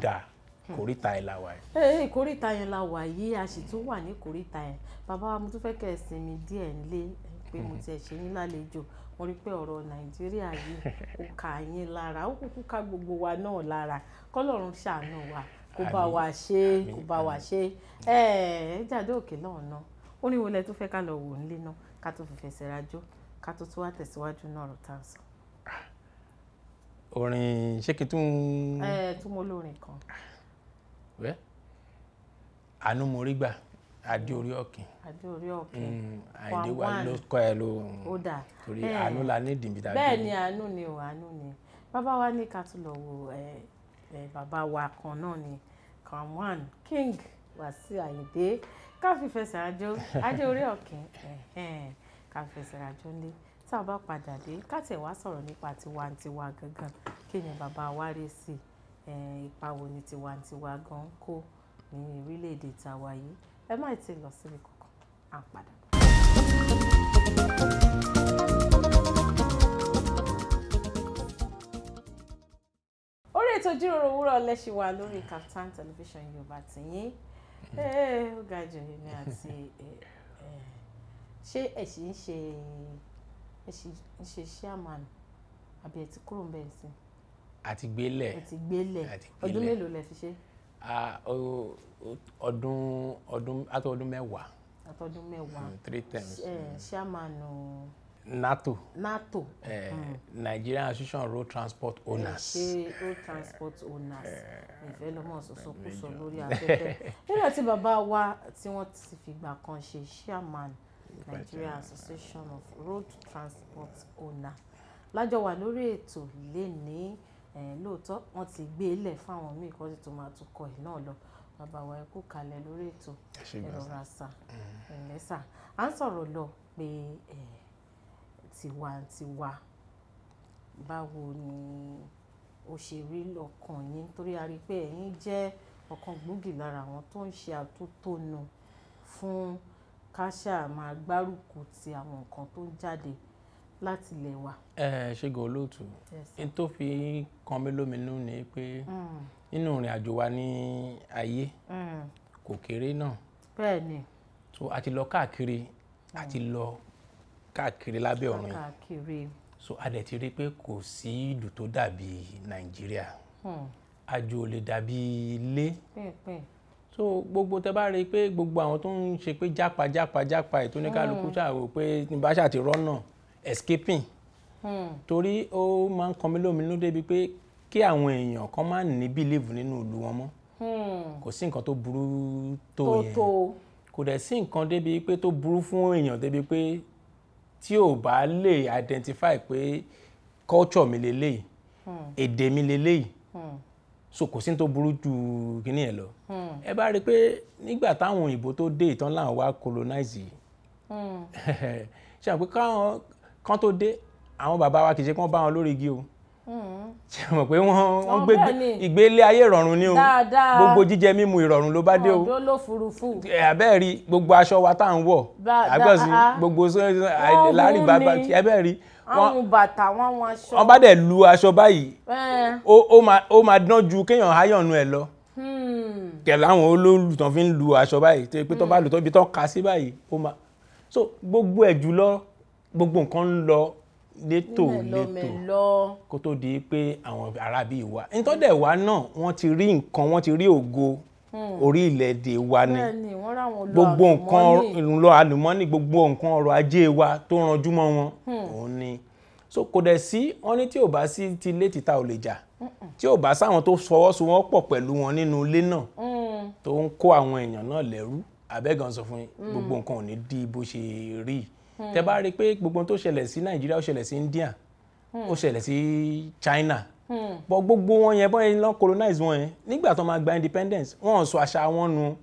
dáa. Hmm. kòríta yẹn la wà yìí. ee kòríta yẹn la wà yìí a sì tún wà ní kòríta yẹn bàbá wa mo tún fẹ́ kẹ́ ẹ sinmi díẹ̀ nílé pé mo tiẹ̀ ṣe yín lálejò mo rí pé ọ̀rọ̀ nàìjíríà yìí ó kà yín lára ó kúkú ká gbogbo wa náà lára kọ́lọ́run ṣàánú wa kó bá wa ṣe kó bá wa ṣe ẹ ẹ jáde òkè náà ná orin wo lẹ tó fẹ́ ká lọ wò nílé náà ká tó fi fẹsẹ̀ ká tó tún wá tẹ̀síwájú náà rọ̀ tá a sọ. Ah, orin ṣé kí tún. ẹ tún mo lórin kan wẹ́ àánú mo rí gbà adé orí ọ̀kìn adé mm, ló kọ́ ẹ ló torí àánú la ní ìdìbò tàbí bẹ́ẹ̀ ni àánú ni ò àánú ni bàbá wa ní ká tún lọ wo bàbá wa kan náà ni Kamwan King Wasiu Ayinde ká fi fẹsẹ̀ àjò adé orí ọ̀kìn ká fi fẹsẹ̀ àjò ńlẹ̀ tá a bá padà dé ká tẹ̀ wá sọ̀rọ̀ nípa tiwantiwa gangan kí ni bàbá wa rí sí i ipa wo ni tiwantiwa gan ń kó ní orílẹ̀-èdè tàwa yìí ẹ má ti lọ síbi kankan à ń padà. orí ètò ìjíròrò òwúrọ̀ lẹ́sìn wa lórí Kaftan television yorùbá tìyín ó ga jù èmi àti ṣé ẹ ṣì ń ṣe ẹ ṣì ń ṣe chairman àbí ẹ ti kúrò ń bẹ̀ sí i àti gbélẹ̀ àti gbélẹ̀ ọdún mélòó lẹ fi ṣe. ọdún ọdún àtọdún mẹ́wàá. àtọdún mẹ́wàá hmm, three times. ṣàmánù. Eh, hmm. NATO. NATO. Eh, hmm. Nigerian Association of Road Transport Owners. ṣe road transport owners eh. ìfẹ́ lọ́mọ ṣoṣo kó sọ lórí afẹ́fẹ́ nígbà tí bàbá wa tí wọ́n ti fìgbà kan ṣe chairman Nigeria Association of Road Transport Owners lájọ wà lórí ètò lẹ́nìí lóòótọ́ wọ́n ti gbé e lẹ̀ fáwọn míì kó sì tún máa tún kọ ẹ̀ náà lọ bàbá wa ẹ kú kalẹ̀ lórí ètò ìrora sà mm. ẹ̀lẹ́ sà à ń sọ̀rọ̀ lọ pé tiwantiwa báwo ni ó ṣe rí lọ́kàn yín torí a rí i pé ẹ̀yin jẹ́ ọ̀kan gbòógì lára àwọn tó ń ṣe àtúntónu fún káṣá máa gbárùkù ti àwọn nǹkan tó ń jáde láti ilẹ̀ wa. ẹ ṣègùn olóòtú n tó fi kan mí lóminú ni pé hmm. nínú ìrìn àjò wa ní ayé hmm. kò kéré náà. bẹ́ẹ̀ ni. so a ti lọ káàkiri a ti lọ káàkiri lábẹ́ ọ̀run yìí so a dẹ̀ ti rí i pé kò sí ìlú tó dàbí nàìjíríà hmm. àjò ò lè dàbí ilé so gbogbo tẹ bá rí i pé gbogbo àwọn tó ń ṣe pé jápa jápa jápa ètò oníkálukú ṣàwò pé nígbà ṣàti rọ́nà escaping hmm. torí ó máa ń kan mí lóminú débi pé kí àwọn èèyàn kan máa ní bílíìfù nínú ìlú wọn mọ́ hmm. kò sí nǹkan tó burú tó yẹn kò dẹ̀ sí nǹkan débi pé tó burú fún èèyàn débi pé tí ò bá lè identify pé culture mi lélẹ́yìí hmm. èdè mi lélẹ́yìí so kò sí ní tó burú ju kíní ẹ lọ ẹ bá rí i pé nígbà táwọn òyìnbó tó dé ìtàn láwọn wá colonize yìí [LAUGHS] ṣe àpé káwọn kán tó dé àwọn bàbá wa kì í ṣe kán bá wọn lórí igi o hmm. ṣe mọ̀ pé wọ́n gbé ìgbélé ayé ìrọ̀rùn ni o gbogbo jíjẹ mímu ìrọ̀rùn ló bá dé o ọ̀dọ́ ló furuufú ẹ̀bẹ́ rí gbogbo aṣọ wa tá à ń wọ̀ àgbọ̀sí gbogbo láàrin bàbá ẹ̀bẹ́ rí wọ́n mu bàtà wọ́n mu aṣọ wọ́n bá dẹ̀ lu aṣọ báyìí ó máa dán ju kéèyàn háyànnu ẹ̀ lọ hmm. kẹ̀lẹ́ àwọn olóòlù tán fi ń lu aṣọ báyìí pé tó bá lu tó ibi tó ka sí báyìí ó máa so gbogbo ẹ̀ jùlọ gbogbo nǹkan ń lọ létò létò kó tó di pé àwọn arábí wa ntọ́dẹ̀ wa náà wọ́n ti rí nǹkan wọ́n ti rí ògo hmm. orí ilẹ̀ èdè wa ni gbogbo nǹkan ìrùnlọ àlùmọ́nì gbogbo nǹkan ọrọ̀ ajé wa tó ranjú mọ́ wọn hmm. òun ni so kò dẹ̀ sí wọn ní tí ò bá sí ti ilé títa ò lè jà tí ò bá sáwọn tó fọwọ́sowọ́pọ̀ pẹ̀lú wọn nínú ilé náà hmm. tó ń kó àwọn èèyàn náà lẹ́rú abẹ́gàn sọ fún yín gbogbo nǹkan ò ní di bó ṣe rí Hmm. tẹ bá rí i pé gbogbo tó ṣẹlẹ̀ sí nàìjíríà ó ṣẹlẹ̀ sí india hmm. ó ṣẹlẹ̀ sí china hmm. bọ gbogbo wọn yẹn bọ́ yẹn lọ colonize wọn yẹn nígbà tó máa gba independence wọn sọ àṣà wọn nu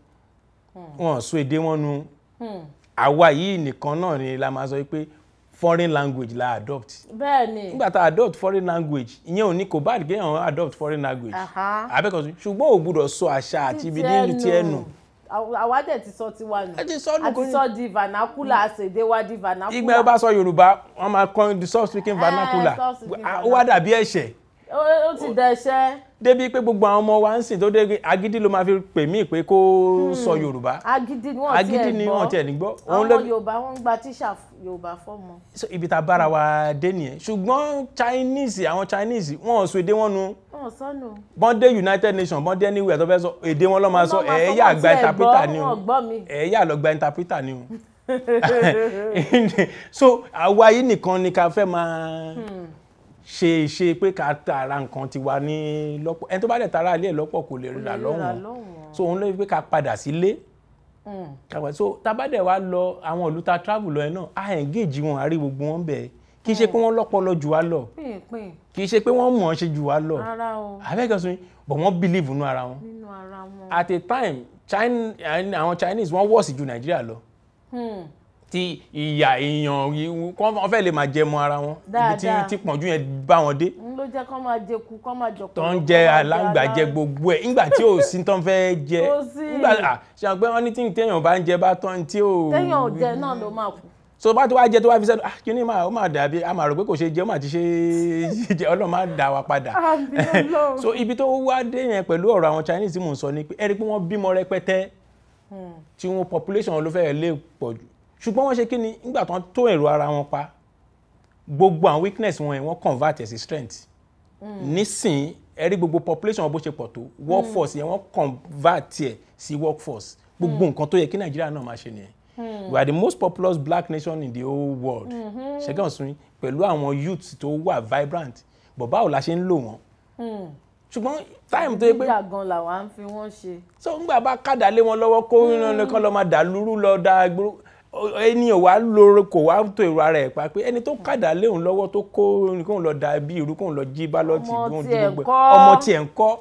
wọn sọ èdè wọn nu àwa yìí nìkan náà ni la máa sọ pé foreign language la adopt. bẹ́ẹ̀ni nígbà tá adopt foreign language ìyẹn ò ní kò bá àdìgẹ́yàn adopt foreign language. abẹ́kọ̀sí ṣùgbọ́n ò gbúdọ̀ sọ àṣà àti ibi nínú ti ẹnu àwa dẹ̀ ti sọ tiwa nù àti sọ di vernacular àṣèdè wa di vernacular. ìgbà yóò bá sọ yorùbá wọn máa kọ́ the soft speaking eh, vernacular ó wá dàbí ẹ̀ṣẹ̀. ó ti dẹ̀ṣẹ̀ débi pé gbogbo àwọn ọmọ wa ń sìn tó dé agídí ló máa fi pè mí pé kó hmm. sọ yorùbá agídí ni wọn tiẹ̀ nígbọ́. àwọn yorùbá wọn ń gba tíṣà yorùbá fọmọ. ibi tá bára wa dé nìyẹn ṣùgbọ́n chinese àwọn chinese wọn ò sọ èdè wọn nu bọ́n dé united nations bọ́n dé anywhere tó fẹ́ sọ èdè wọn ló máa sọ ẹ̀ẹ́yà gba interpreter ni o ẹ̀ẹ́yà lọ interpreter ni o so àwa yìí nìkan ni ká fẹ́ máa hmm ṣe ṣe pé ká tara nǹkan tiwa ní lọ́pọ̀ ẹni tó bá dẹ̀ tara ilé ẹ̀ lọ́pọ̀ kò lè rà lọ́wọ́n so òun ló fi pé ká padà sílé hmm. kàwé so tábà dẹ̀ wá lọ àwọn ìlú ta travel lọ yẹn náà a engage wọn àrí gbogbo wọn bẹ́ẹ̀ kì í ṣe pé hmm. wọ́n lọ́pọlọ jù wá lọ kì í ṣe pé wọ́n mọ̀ ọ́n ṣe jù wá lọ abẹ́gẹ́sùn but wọ́n believe nínú ara wọn at a time àwọn Chinese wọ́n wọ̀ sí ju Nàìjíríà lọ. Hmm ti ìyà èèyàn wọ́n fẹ́ lè máa jẹ mọ́ ara wọn ibi tí tí pọ̀njú yẹn bá wọn dé. ló jẹ́ kó máa jẹku kó máa jọkọ̀. tó ń jẹ aláǹgbà jẹ gbogbo ẹ̀ nígbà tí ò sí tán fẹ́ jẹ nígbà ṣe àgbẹ̀ wọn ní tí téèyàn bá ń jẹ bá tán tí ò. téèyàn ò jẹ náà ló máa kú. so bá tó wá jẹ tó wá fi sẹ́nu ah kíní máa ó máa dàbí a máa rò pé kò ṣe jẹ́ ó máa ti ṣe jẹ ọlọ́run máa dà wá padà. so ibi tó Chinese mò ń sọ ni pé ẹ rí pé wọ́n bímọ rẹpẹtẹ hmm. population wọn ló fẹ́ lè pọ̀ ṣùgbọ́n wọ́n ṣe kí ni nígbà tó ń tó èrò ara wọn pa gbogbo àwọn weakness wọn yẹn wọ́n convert ẹ̀ sí strength hmm. nísìn ẹ̀rí gbogbo population wọn bó ṣe pọ̀ tó workforce hmm. yẹn wọ́n convert ẹ̀ sí workforce gbogbo hmm. nǹkan tó yẹ kí nàìjíríà náà máa ṣe nìyẹn we are the most populous black nation in the whole world ṣẹ́gàn sun pẹ̀lú àwọn youth tó wà vibrant but báwo la ṣe ń lò wọ́n ṣùgbọ́n táìmù tó yẹ pé ìjà gan làwọn á fi wọ́n ṣe. so ńgbà bá kádà lé wọn lọ́wọ́ kó nǹkan lọ́ọ́ máa dà lọ́ọ́ da gbúrú ẹni ò wá lóore kò wá tó èrò ara ẹ̀ pa pé ẹni tó kàdá léhùn lọ́wọ́ tó kó kóun lọ da bí irú kóun lọ jí bálọ́ọ̀tì ọmọ tiẹ̀ ń kọ́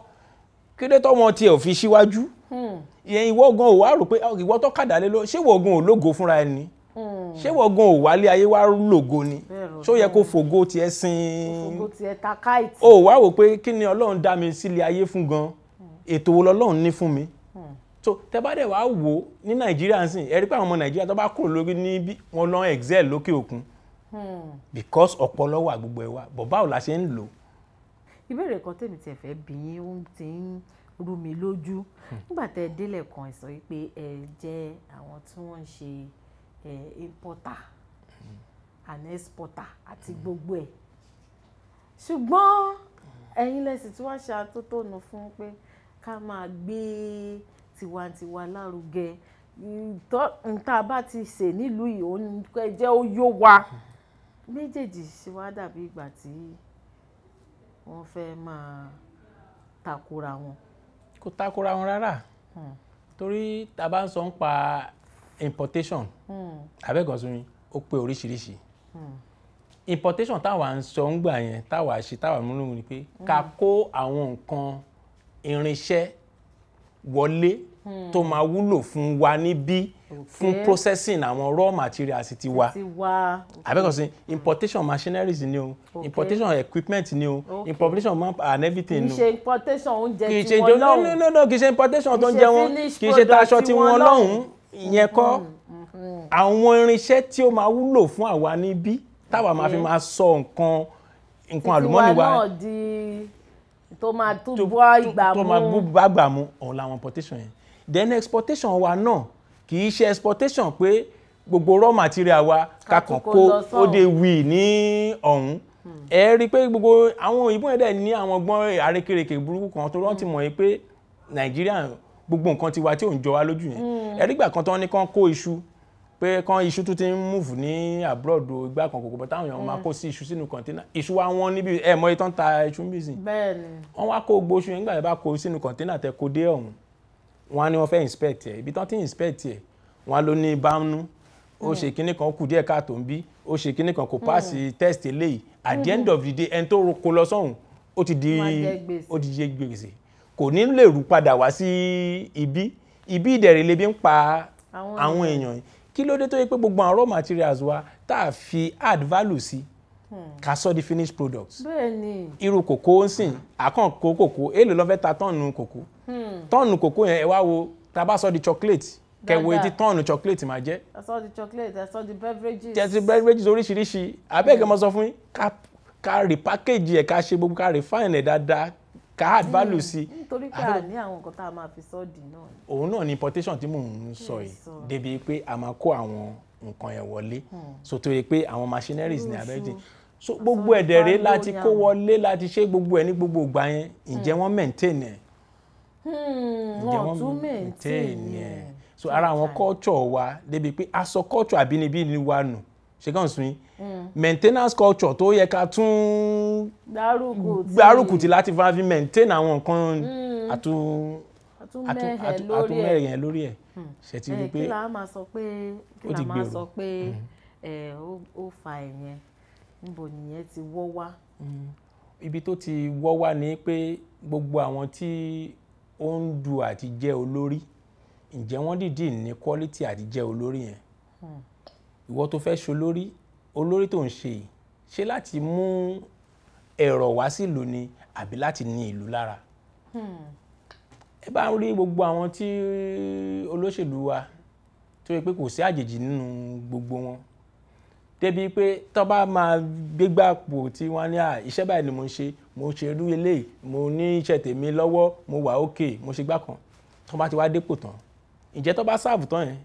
kéde tọmọ tiẹ̀ ò fi síwájú hmm. ìyẹn ìwọ gan ò wá rò pé ìwọ tó kàdá lé lọ ṣé ìwọ gan ò lógo fúnra ẹni hmm. ṣé ìwọ gan ò wálé ayé wá lògo ni ṣó yẹ kó fògo tiẹ̀ sin ò wá wò pé kí ni Ọlọ́run dá mi sílé ayé fún gan ètò wo lọ́lọ́run ní fún mi so tẹ bá dẹ̀ wá wò ó ní nàìjíríà ń sìn ẹ rí pé àwọn ọmọ nàìjíríà tó bá kúrò lórí níbí wọn lọ excel lókè òkun hmm. because ọpọlọ wà gbogbo ẹ wà bọ̀ báwo la ṣe ń lò. ìbéèrè kan tèmi tiẹ̀ fẹ́ bí yín ó ti ń rú mi lójú hmm. nígbà tẹ délẹ̀ kan sọ pé ẹ jẹ́ àwọn tí wọ́n ń ṣe importer hmm. and exporter àti gbogbo ẹ̀ ṣùgbọ́n ẹ̀yin lẹ́sìn tí wọ́n ṣe àtótónu fún pé ká máa gbé tiwantiwa lárugẹ tá a bá ti ṣe nílùú yìí òun jẹ́ ó yó wa méjèèjì ṣe wá dàbí ìgbà tí wọ́n fẹ́ máa takora wọn. kò takora wọn rárá hmm. torí tá ń sọ ń pa importation hmm. abẹ́gànsórin ó pé oríṣiríṣi hmm. importation táwa ń sọ ń gbà yẹn táwa ṣe táwa múlò ní pé ká kó àwọn nǹkan irinṣẹ́ wọlé hmm. tó máa wúlò fún wa níbí fún processing àwọn raw materials ti wa abẹ́kọ̀sí importation hmm. machineries ni o importation equipment ni o importation map and everything ni o kì í ṣe importation oúnjẹ tí lọ́hùn kì í ṣe importation tó ń jẹ wọ́n kì í ṣe taṣọ tí wọ́n lọ́hùn ìyẹn kọ́ hmm, àwọn irinṣẹ́ tí ó máa wúlò fún àwa níbí táwa máa fi máa sọ nǹkan nǹkan àlùmọ́nì wa tó máa tún bọ́ ìgbà mú tó máa bú bàgbà mú ọ̀hún làwọn importation yẹn then exportation wa náà kì í ṣe exportation pé gbogbo raw material wa kakàn kó ó dé wì ní ọ̀hún ẹ rí i pé gbogbo àwọn òyìnbó yẹn dẹ̀ ní àwọn ọgbọ́n àrékèrèkè burúkú kan tó rántí mọ̀ yẹn pé nàìjíríà gbogbo nǹkan tiwa tí ò jọ wá lójú yẹn hmm. ẹ̀rígbà kan tán ní kán kó iṣu pé kan iṣu tún ti ń move ní abroad o ìgbà kan kòkòrò táwọn èèyàn máa mm. kó sí iṣu sínú kọ̀ńténà iṣu wa wọ́n níbi ẹ mọ itan ta iṣu ń bì sí. bẹ́ẹ̀ni. wọ́n wá kó gbó iṣu yẹn nígbà tí wọ́n bá kó sínú kọ̀ńténà tẹ kó dé ọ̀hún wọ́n á ní wọ́n fẹ́ inspect ẹ̀ ibi tán ti inspect ẹ̀ wọ́n á ló ní bámú ó mm. ṣe kinní kan kù díẹ̀ káàtó ń bí ó ṣe kinní kan kò paasi mm. test eléyìí at the end mm-hmm. of the day ẹni tó kó lọ sọ́hún ó ti di gbèsè kò ní lè rú padà wá sí ibi ibi ìdẹ̀rẹ̀ ń pa àwọn èèyàn yìí kí ló dé tó yẹ pé gbogbo àwọn raw materials wa tá a fi add value sí hmm. ká sọ di finished products bẹ́ẹ̀ni irú kòkó ń sìn àkàn kó kòkó èlò ló fẹ́ ta tọ́ọ̀nù kòkó hmm. tọ́ọ̀nù kòkó yẹn ẹ wá wo tá a bá sọ di chocolate kẹwo etí tọ́ọ̀nù chocolate máa jẹ́. ẹ sọ di chocolate ẹ sọ di beverages. tẹ̀sí beverages oríṣiríṣi abẹ́ẹ̀kẹ́ mo sọ fún yín ká repackage ẹ̀ ká ṣe gbogbo ká refine ẹ̀ dáadáa ká add value sí. Hmm, nítorí pé a ní àwọn nǹkan tá a máa fi sọ dì náà. òun náà ni importation tí mò ń sọ yìí débi pé a máa kó àwọn nǹkan yẹn wọlé hmm. so tó pé àwọn machineries ní abẹ́jì so gbogbo ẹ̀dẹ̀rẹ́ láti kó wọlé láti ṣe gbogbo ẹ̀ ní gbogbo ìgbà yẹn ǹjẹ́ hmm. wọ́n maintain ẹ̀ ǹjẹ́ wọ́n maintain ẹ̀ so ara àwọn culture wa débi pé aṣọ culture àbínibí ni wa nù. No ṣe kàn sùn yín hmm. maintenance culture tó yẹ ká tún gbárùkù tí láti fa fi maintain àwọn nǹkan hmm. àtún àtúnmẹ̀rẹ̀ yẹn lórí ẹ̀ hmm. ṣe ti rí pé kí la máa sọ pé kí la máa sọ pé ó eh, fa ẹ̀yẹn níbo nìyẹn ti wọ́ wá. ibi tó ti wọ́ wá ni pé gbogbo àwọn tí ó ń du àti olórí ǹjẹ́ wọ́n dìdí ní quality àti jẹ́ olórí yẹn. Hmm ìwọ tó fẹ́ ṣolórí olórí tó ń ṣe yìí ṣe láti mú ẹ̀rọ wá sílùú ni àbí láti ní ìlú lára hmm. ẹ bá ń rí gbogbo àwọn tí olóṣèlú wa tó yẹ pé kò sí àjèjì nínú gbogbo wọn débi pé tó máa gbégbá pò tí wọ́n ní à iṣẹ́ báyìí ni mo ń ṣe mo ṣe irú eléyìí mo ní iṣẹ́ tèmi lọ́wọ́ mo wà ókè mo ṣe gbá kan tó ti wá dépò tán ǹjẹ́ tó bá tán yẹn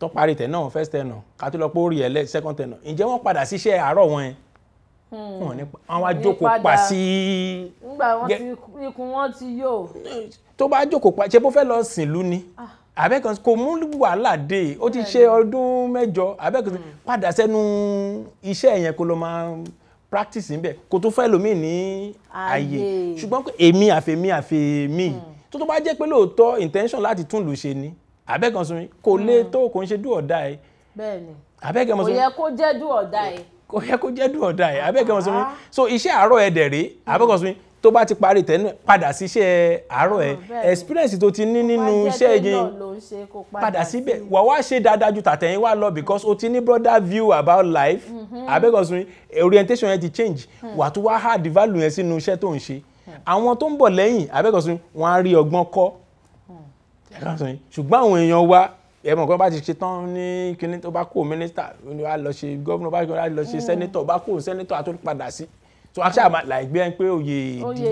tó parí tẹ̀ náà first tẹ̀ náà ká tó lọ pé ó rí ẹlẹ́ second tẹ̀ náà ǹjẹ́ wọ́n padà síṣẹ́ àárọ̀ wọn yẹn hmm. wọn ní wọn wá jókòó pa sí. nígbà wọn ti ikùn wọn ti yó. tó bá jókòó pa ṣe bó fẹ́ lọ sìn lú ni abẹ́kan ah. kò mú wàhálà dé ó ti ṣe hmm. ọdún mẹ́jọ abẹ́kan hmm. padà sẹ́nu iṣẹ́ yẹn kó lọ máa practice níbẹ̀ kó tó fẹ́ lómi ní ààyè ṣùgbọ́n èmi àfẹ́mi àfẹ́mi tó tó bá jẹ́ pé lóòótọ́ intention láti tún lù ṣe ni abẹ́kan sunmi kò lè hmm. tó kò ń ṣe do or die. bẹ́ẹ̀ni abẹ́kan kò yẹ kó jẹ́ do or die. kò yẹ kó jẹ́ do or die ah, abẹ́kan sunmi ah. so iṣẹ́ àárọ̀ ẹ̀ dẹ̀ rèé abẹ́kan sunmi tó bá ti parí tẹ́nu padà sí iṣẹ́ àárọ̀ ah, ẹ̀ experience tó ti ní nínú iṣẹ́ yìí padà síbẹ̀ wà wá ṣe dáadáa ju tàtẹ̀yìn wá lọ because o ti ní broader view about life mm-hmm. abẹ́kọ̀sùn orientation yẹn ti change hmm. wà tó wá hard value yẹn sínú iṣẹ́ tó ń ṣe hmm. àwọn tó ń bọ̀ lẹ́yìn abẹ́kọ̀sùn wọ́n á rí ọgbọ́n kọ́ ẹ̀ka sọ yín ṣùgbọ́n àwọn èèyàn wa ẹ mọ̀ kí wọ́n bá ti ṣe tán ní kíní tó bá kó mínísítà wá lọ ṣe gómìnà bá lọ ṣe mm. sẹ́nítọ̀ bá kó sẹ́nítọ̀ àtúntò padà sí so aṣá àmà làìgbẹ́ ń pé oyè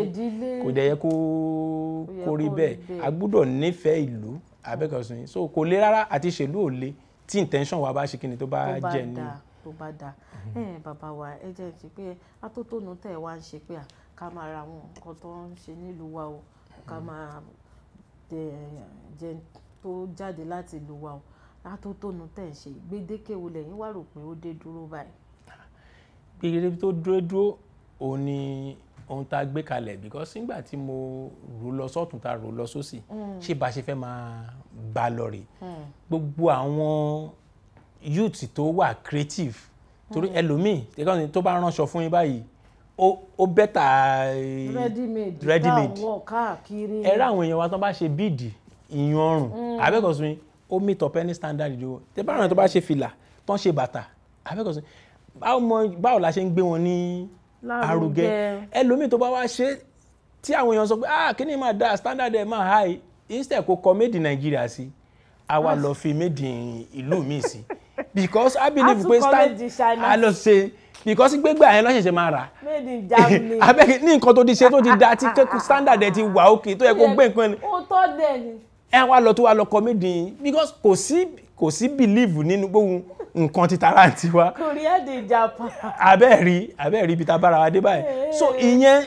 ìdílé kò dẹ̀ yẹ kó rí bẹ́ẹ̀ a gbọ́dọ̀ nífẹ̀ẹ́ ìlú abẹ́kọ̀sùn yìí so kò le rárá àti ìṣèlú ò le tí intention wa bá ṣe kíni tó bá jẹ́ ni. tó bá da mhm. bàbá wa ẹ jẹ́ kí pé atótónu tẹ̀ wá wa o ká jẹ tó jáde láti ìlú wa o atótónu tẹ̀ ń ṣe gbèdéke wo lẹ́yìn wà rò pé ó dé dúró báyìí. gbèdéke tó dúró dúró òun ni ohun tá a gbé kalẹ̀ because nígbà tí mo rò lọ sọ́tún tá a rò lọ sósì hmm. ṣé bá a ṣe fẹ́ máa bá a lọ rè hmm. gbogbo àwọn youth tó wà creative torí hmm. ẹlòmíì tó bá ránṣọ fún yín báyìí ó bẹ́tà ready made ẹ̀rọ àwọn èèyàn wa tó bá ṣe bíìdì ìyún ọrùn mm. abẹ́kọ̀sùn ó meet up any standard ìjọba tẹ́ bá àwọn tó bá ṣe fìlà tó ń ṣe bàtà abẹ́kọ̀sùn báwo la ṣe ń gbé wọn ní arugẹ ẹlòmíì tó bá wá ṣe tí àwọn èèyàn sọ pé ah kí ni máa da standard ẹ̀ máa high instead kò kọ made in Nigeria sí àwa lọ fi made in ìlú mi sí because I believe pé standard a lọ ṣe because gbégbé àyẹn lọ́sẹ̀ṣẹ̀ máa rà [LAUGHS] abẹ́kẹ́ ní nǹkan tó ti ṣe tó ti da tí [LAUGHS] standard ẹ̀ ti wà òkè tó yẹ kó gbé nǹkan ni ẹ wá lọ tó wá lọ kọ made in because kò sí kò sí believe nínú gbóhùn nǹkan ti tara àti wa Korea de Japan abẹ́ẹ̀rí abẹ́ẹ̀rí ibi tá a bára wa dé báyìí so ìyẹn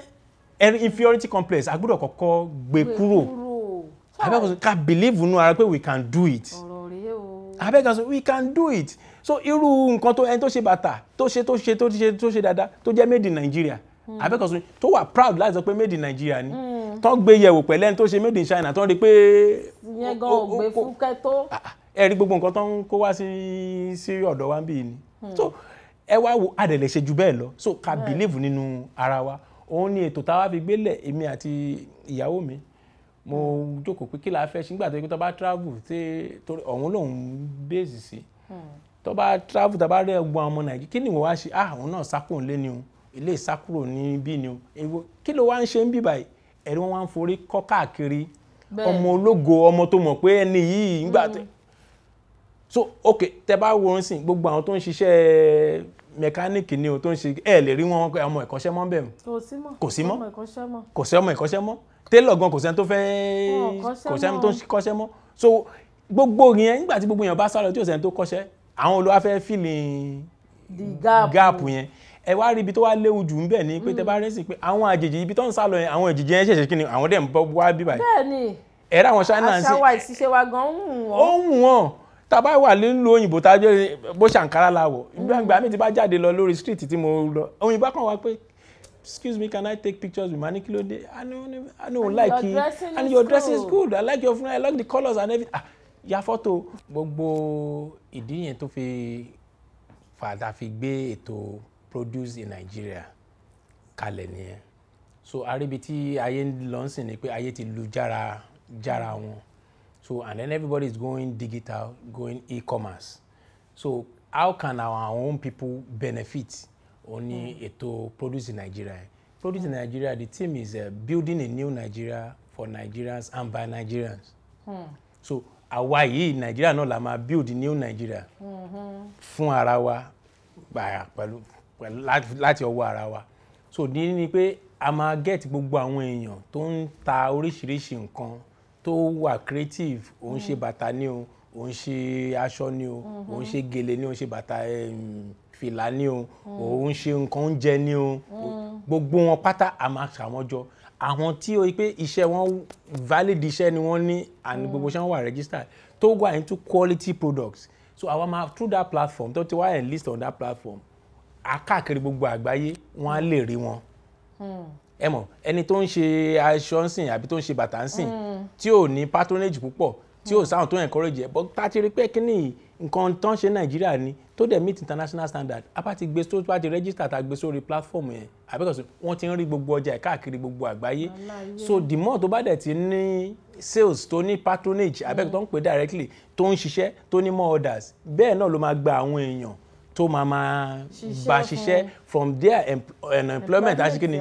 inferiority complex a gbọ́dọ̀ kọ́kọ́ gbé kúrò abẹ́kọ̀sọ ká believe nínú ara pé we can do it abẹ́kọ̀sọ we can do it so irú nǹkan tó ẹni tó ṣe bàtà tó ṣe tó ṣe tó ṣe tó ṣe dáadáa tó jẹ́ made in Nigeria hmm. abẹ́kọ̀sùn tó wà proud láti sọ pé made in Nigeria ni hmm. tó ń gbé yẹ̀wò pẹ̀lẹ́ ní tó ṣe made in China tó ń rí pé. yẹn gan ò gbé fúkẹ́ tó. Ah, ah, ẹ rí gbogbo nǹkan tó ń kó wá sí sí ọ̀dọ̀ wa bíi ni hmm. so ẹ wá wo adẹ̀lẹ̀ ṣe ju bẹ́ẹ̀ lọ so ká believe nínú ara wa òun ni ètò táwa fi gbélẹ̀ èmi àti ìyàwó mi mo jókòó pé kí la fẹ́ ṣe nígbà tó yẹ kó tó bá travel tí ọ̀hún lòun bèèzì sí tó bá travel tá a bá rẹ gbọ́ àwọn ọmọ nàìjíríà kí ni ìwọ wá ṣe ah òun náà sákùn lé ni o ilé ìsákùrò ní bí ni o èwo kí ló wá ń ṣe ń bì báyìí ẹ̀rí wọn wá ń forí kọ́ káàkiri ọmọ ológo ọmọ tó mọ̀ pé ẹni yìí ń gbà tẹ mm. so ok tẹ bá wo sìn gbogbo àwọn tó ń ṣiṣẹ́ mẹkáníìkì ni o tó ń ṣe ẹ lè rí wọn pé ọmọ ẹ̀kọ́ṣẹ́ mọ́ bẹ́ẹ̀ kò sí mọ́ kò sí ọmọ ẹ̀kọ́ṣẹ́ mọ́ télọ̀ gan kò sẹ́ni tó fẹ́ kò sẹ́ni tó ń kọ́ṣẹ́ mọ́ so gbogbo yẹn nígbà tí gbogbo yẹn bá sálọ tí ò sẹ́ni tó kọ́ṣẹ́ àwọn olówó afẹ́ fìlì gap yẹn ẹ wá rí ibi tó wá léwu jù ń bẹ̀ ni pé tẹ mm. bá rẹ́sì pé àwọn àjèjì ibi tó ń sá lọ yẹn àwọn àjèjì yẹn ṣẹ̀ṣẹ̀ kí ni àwọn dẹ̀ ń bọ́ wá bí báyìí. bẹ́ẹ̀ni ẹ̀rọ àwọn ṣáínà ń ṣe àṣàwà ìṣiṣẹ́ wa gan ń wù wọ́n. ó wù wọ́n tàbá wà nílùú òyìnbó tájọ́ bó ṣàǹkárá la wọ̀ gbàgbà mm. mi ti bá jáde lọ lórí street tí mo lọ òyìnbó kan wá pé excuse me can i take pictures with manikilode i no i no like it and your dressing is good i like your fun i like the colours and everything ah ya fọ́tò gbogbo ìdí yẹn tó fi fàdà fi gbé ètò produce in Nigeria kalẹ̀ nìyẹn so aríbi tí ayé ń lọ sí ni pé ayé ti lu jára jára wọn so and then everybody is going digital going e-commerce so how can our own people benefit ó ní hmm. ètò produce in Nigeria produce in hmm. Nigeria the team is uh, building a new Nigeria for Nigerians and by Nigerians. Hmm. so àwa yìí nàìjíríà náà la máa build new nàìjíríà fún ara wa pẹ̀lú láti ọwọ́ ara wa so ní ni pé a máa get gbogbo àwọn èèyàn tó ń ta oríṣiríṣi nǹkan tó wà creative òun ṣe mm-hmm. bàtà ni o òun ṣe aṣọ ni o òun mm-hmm. ṣe gèlè ni òun ṣe bàtà fìlà ni o òun mm. ṣe nǹkan oúnjẹ ni o mm. gbogbo wọn pátá a máa ṣàwọn jọ àwọn tí ó yí pé iṣẹ́ wọn valid iṣẹ́ ni wọ́n ní and mm. gbogbo iṣẹ́ wọn wà registered tó wà into quality products so àwa máa through that platform tó ti wá enlist on that platform akáàkiri gbogbo àgbáyé wọn á lè rí wọn mm. ẹ mọ̀ ẹni tó ń ṣe aṣọ ń sìn àbí tó ń ṣe bàtà ń mm. tí ò ní patronage púpọ̀ tí ò sáwọn tó encourage ẹ bọ́ tá a ti rí pé kíní yìí nǹkan tó ń ṣe nàìjíríà ni tó dẹ̀ meet international standard apá ti gbé tó bá ti register ta gbé sórí platform yẹn àbíkọ̀sí wọ́n ti ń rí gbogbo ọjà káàkiri gbogbo àgbáyé so the more tó bá dẹ̀ ti ní sales tó ní patronage àbẹ́kọ̀ tó ń pè directly tó ń ṣiṣẹ́ tó ní more orders bẹ́ẹ̀ náà ló máa gba àwọn èèyàn tó máa máa bá ṣiṣẹ́ from there unemployment aṣíkíni